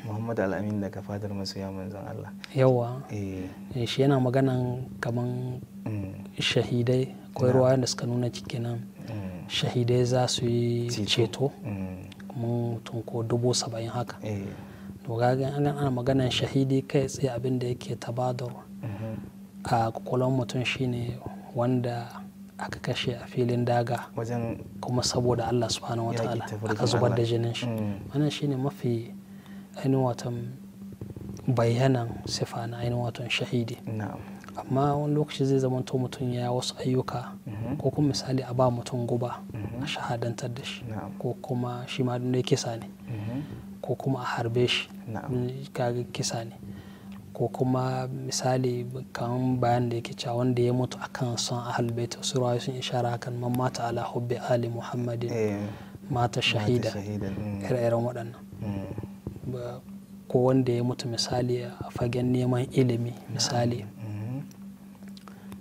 muhammad al'amin daga fadar masoya manzon allah yawa eh. eh, shi yana magana kaman mm. shahidai koyarwa da suka nuna nan mm. shahidai za su yi ceto mm. mutum ko dubu saba'in haka dogagen eh. ana maganan shahidi kai tsaye abin da yake tabadar mm-hmm. a kwakwalon mutum shine wanda aka kashe a filin daga kuma saboda allah subhanahu wa ta'ala aka zubar da jinin shi wannan shine mafi ainihin watan bayanan sifa na ainihin watan shahidi amma wani lokaci zai zama to mutum ya wasu ayyuka mhm. ko kuma misali a ba mutum guba mhm. a shahadantar da shi ko kuma shi ma dai kisa ne mhm. ko kuma a harbe shi kaga kisa ne ko kuma misali kan bayan da yake cewa wanda ya mutu akan son ahal baita su rayu sun ishara kan man mata ala hubbi ali muhammadin eh. mata shahida mm. ire-iren waɗannan mm. ba ko wanda ya mutu misali a fagen neman ilimi misali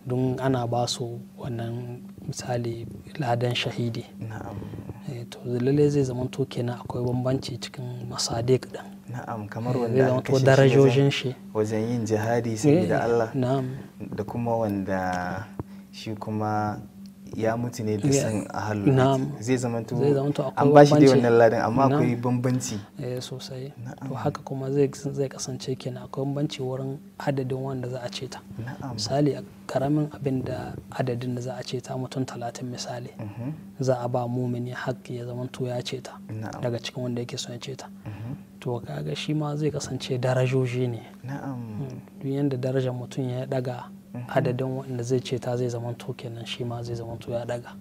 don ana ba su wannan misali ladan shahidi eh, to lalle zai zama to kenan akwai bambanci cikin masadik din na'am kamar eh, wanda aka kashe darajojin shi wajen yin jihadi da eh, Allah na'am da kuma wanda shi kuma ya mutu ne da san ahalul zai zama to an ba shi dai wannan ladan amma akwai bambanci ya eh, sosai to haka kuma zai kasance kenan akwai bambanci wurin adadin wanda za a ce ta misali karamin abin da adadin da za a ce ta mutum talatin misali mhm. za a ba mumini haƙƙi ya zama to ya ce ta daga cikin wanda yake son ya ce ta mhm. to kaga shi ma zai kasance darajoji ne hmm. duk yanda darajar mutum ya daga Mm-hmm. adadin wanda zai ce ta zai zama to kenan shi ma zai zama to ya daga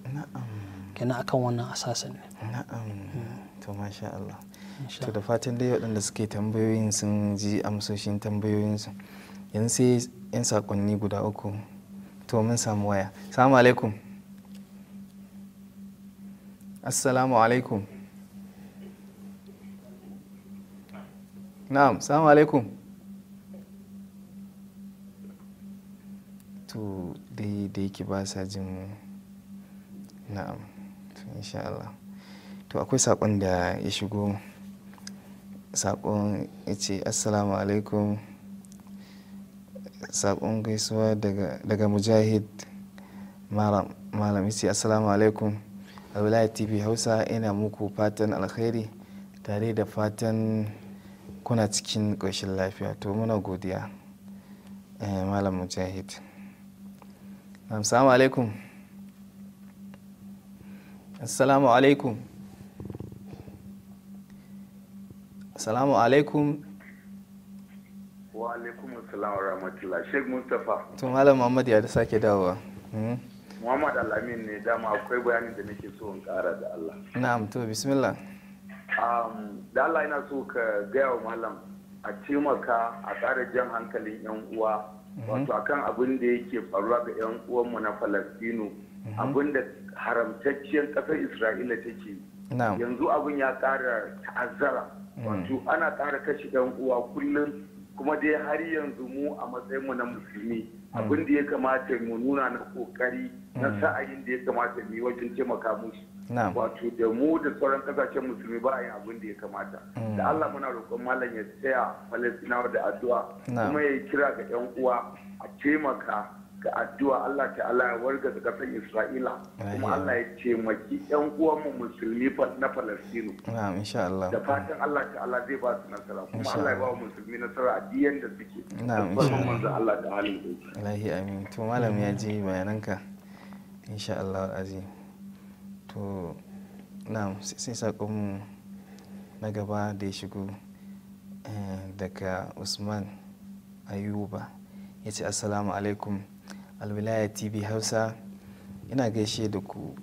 kenan akan wannan asasin ne mm. to masha Allah to da fatan dai waɗanda suke tambayoyin sun ji amsoshin su yanzu sai yan sakonni guda uku to mun samu waya assalamu alaikum assalamu alaikum na'am assalamu alaikum to dai da yake ba sa jin na'am to insha Allah to akwai saƙon da ya shigo saƙon ya ce assalamu alaikum saƙon gaisuwa daga mujahid malam ya ce assalamu alaikum a wilaya tv hausa ina muku fatan alkhairi tare da fatan kuna cikin ƙoshin lafiya to muna godiya eh, malam mujahid assalamu alaikum assalamu alaikum assalamu alaikum wa alaikum assalamu rahmatullah sheikh mustapha tun malam muhammad ya da sake dawowa hmm? muhammad alamin ne dama akwai bayanin da nake so in kara da allah na'am to bismillah da allah ina so ka gaya wa malam a taimaka a ƙara jan hankalin yan uwa Mhm. wato akan abin da yake faruwa ga 'yan uwanmu na falastinu mhm. abin da haramtacciyar ƙasar isra'ila take yanzu abin ya kara ta'azzara mhm. wato ana ƙara kashe 'yan uwa kullum kuma dai har yanzu mu a matsayin mu na musulmi abin da ya kamata mu nuna na ƙoƙari na sa'ayin da ya kamata mu yi wajen taimaka musu wato da mu da sauran kasashen musulmi ba a yin abin da ya kamata mm. da Allah muna roƙon malam ya tsaya falastinawa da addu'a kuma ya kira ga yan uwa a taimaka ga addu'a Allah ta'ala ya warga da kasar Isra'ila kuma Allah ya taimaki yan mu musulmi na Falastinu insha Allah da fatan Allah ta'ala zai ba su nasara kuma Allah ya ba wa musulmi nasara a diyan da suke na'am insha Allah Allah da halin Allah amin to malam ya ji bayananka insha Allah azim to na sai saƙonmu na gaba da ya shigo eh, daga usman ayuba ya ce assalamu alaikum alwilaya tv hausa ina gaishe da ku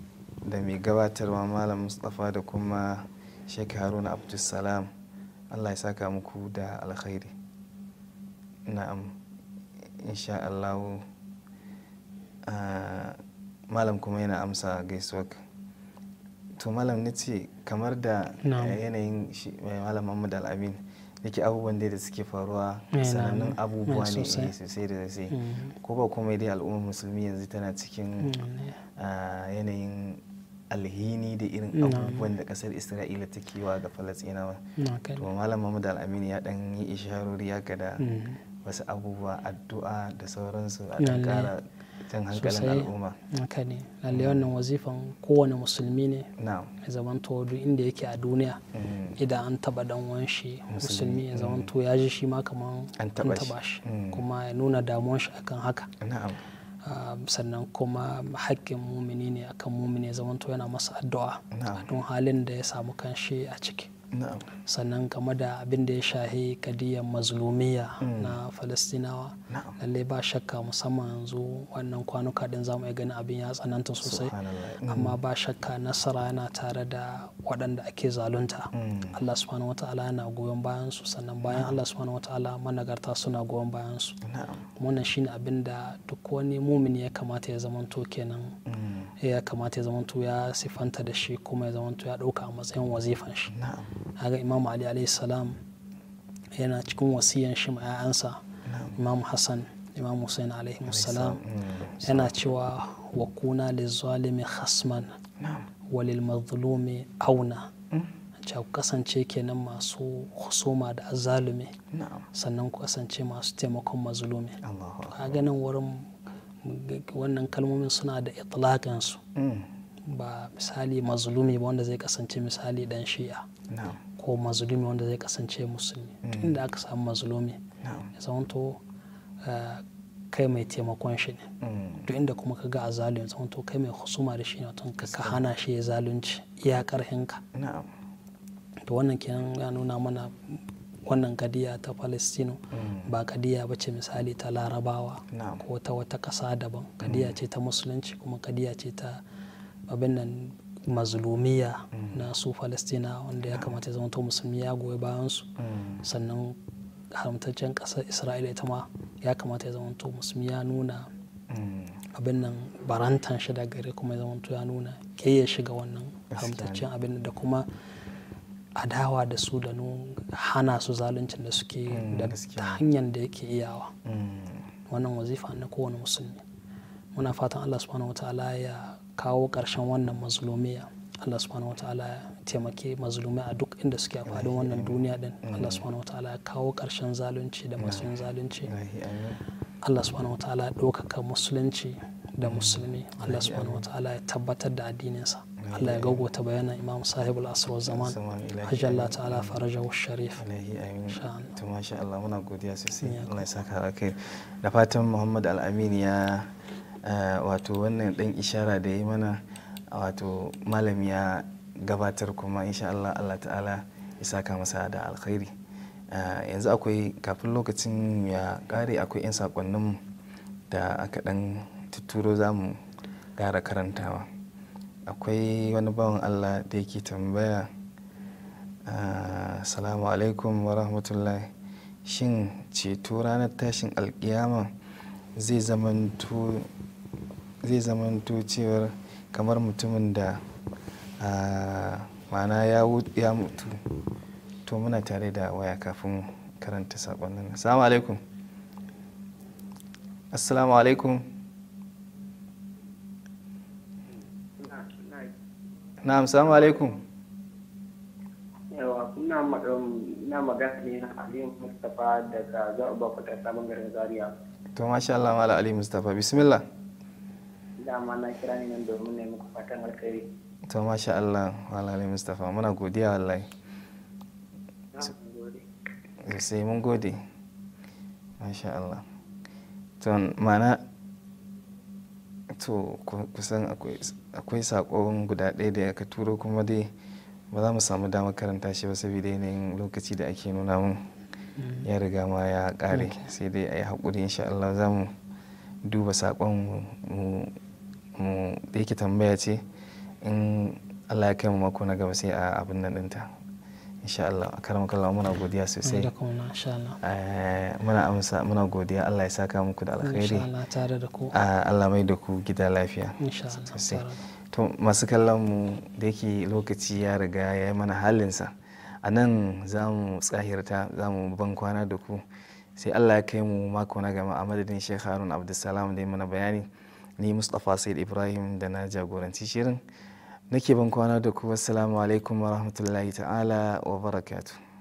da mai gabatarwa malam mustapha da kuma sheikh haruna abdulsalam allah ya saka muku da alkhairi na'am insha ah, malam kuma yana amsa gaisuwa to malam na ce kamar da eh, yanayin shi eh, malam Muhammad Al-Amin yake abubuwan da suke faruwa eh, sanannun abubuwa ne sosai da sosai mm. ko ba komai dai al'ummar musulmi yanzu tana cikin mm, ah, yanayin alhini da irin abubuwan da kasar isra'ila ta kewa ga falasinawa to malam mahmud Al-Amin ya dan yi isharori ya da mm. wasu abubuwa addu'a da sauransu a kara jan hankalin al'umma haka ne mm. lalle wannan wazifan kowane musulmi ne ya zamanto duk inda yake a duniya mm. idan an taba dan wan shi musulmi ya zamanto mm. ya ji shi ma kaman an taba shi kuma ya nuna damuwan shi akan haka ah, sannan kuma haƙƙin mumini ne akan mumini ya zamanto yana masa addu'a don halin da ya samu kanshi a ciki sannan kama da abin da ya shahi kadiyar mazlumiya hmm. na falastinawa lalle ba shakka musamman yanzu wannan kwanuka din zamu iya ganin abin ya tsananta sosai hmm. amma ba shakka nasara yana tare da waɗanda ake zalunta hmm. Allah subhanahu ala yana goyon bayansu sannan bayan Allah subhanahu wataala managarta suna goyon bayansu su wannan shine abin da duk wani mumini ya kamata ya zamanto kenan ya kamata ya zamanto ya sifanta da shi kuma ya zamanto ya ɗauka a matsayin wazifan shi haga imam ali alayhi salam yana cikin wasiyan shi ma'ayansa 'ya'yansa imam hassan imam hussein alaihi salam mm. yana cewa wa kuna zalimi khasman walil mazlumi auna mm. ce ku kasance kenan masu husuma da azalumi sannan ku kasance masu taimakon mazlumi a ganin wurin wannan kalmomin suna da itlaƙansu mm. ba misali mazlumi ba wanda zai kasance misali dan shi'a ko mazlumi wanda zai kasance musulmi mm. tun da aka samu mazlumi ya zamanto eh, kai mai taimakon shi ne mm. duk inda kuma ka ga a zalunci zamanto kai mai husuma da shi ne tun ka hana shi ya zalunci iyakar hinka to wannan kenan ya nuna mana wannan kadiya ta palestino mm. ba kadiya ba ce misali ta larabawa ko ta wata ƙasa daban kadiya mm. ce ta musulunci kuma kadiya ce ta abin nan mazlumiya mm. na su palestina wanda ya kamata ya zama musulmi ya goyi bayansu sannan haramtaccen kasar isra'ila ita ma ya kamata ya zamanto musulmi ya nuna abin nan barantan shi da gari kuma ya zamanto ya nuna ke ya shiga wannan haramtaccen abin da kuma adawa da su da hana su zaluncin da suke mm, da ta hanyar da yake iyawa mm. wannan wazifa na kowane musulmi muna fatan allah subhanahu wa ta'ala ya kawo karshen wannan mazlumiya allah subhanahu wa ta'ala ya taimake mazlumiya a duk inda suke a wannan duniya din mm. allah subhanahu wa ta'ala ya kawo karshen zalunci da masu yin zalunci allah subhanahu wa ta'ala ya ɗaukaka musulunci da musulmi allah subhanahu wa ta'ala ya tabbatar da addininsa Allah ya ta bayanan Imam Sahib al-Asr zaman Hajji Allah ta'ala wa sharif. Ilahi amin. To masha Allah muna godiya sosai. Allah ya saka kai Da fatan Muhammad al-Amin ya eh, wato wannan dan ishara da yi mana wato malam ya gabatar kuma insha Allah Allah ta'ala ya saka masa da alkhairi. Eh, yanzu akwai kafin lokacin ya kare akwai 'yan sakonnin da aka dan tuturo zamu gara karantawa. akwai wani bawan allah da yake tambaya assalamu ah, alaikum wa rahmatullahi shin ceto ranar tashin alkiyama zai zamanto cewar kamar mutumin da ah, mana ya mutu to muna tare da waya kafin karanta saƙon nan assalamu alaikum assalamu alaikum na'am salamu alaikum yawa kuna na magana ne aliyu mustapha daga zauba Fata sabon garin zaria to masha Allah mala Ali mustapha bismillah dama na kira ne nan domin ne muku fatan alkhairi to masha Allah mala Ali mustapha muna godiya wallahi sai mun gode masha Allah to mana. to kusan akwai sakon guda ɗaya da aka turo kuma dai ba za mu samu damar karanta shi ba saboda yanayin lokaci da ake nuna mun mm. ya riga ma ya ƙare sai dai a yi haƙuri insha Allah za mu duba sakon mu da yake tambaya ce in Allah ya kai mu mako na gaba sai a abin nan ɗinta. insha Allah karam kallah muna godiya sosai eh, muna amsa muna godiya Allah ya saka muku da alkhairi ah, Allah mai da ku gida lafiya sosai to masu kallon mu da yake lokaci ya riga ya yi mana halinsa a nan za mu tsahirta za mu ban kwana da ku sai Allah ya kai mu mako na gama a madadin Sheikh Harun Abdulsalam da ya mana bayani ni Mustapha Said Ibrahim da na jagoranci shirin nake ban kwana da ku assalamu alaikum wa rahmatullahi ta'ala wa barakatu.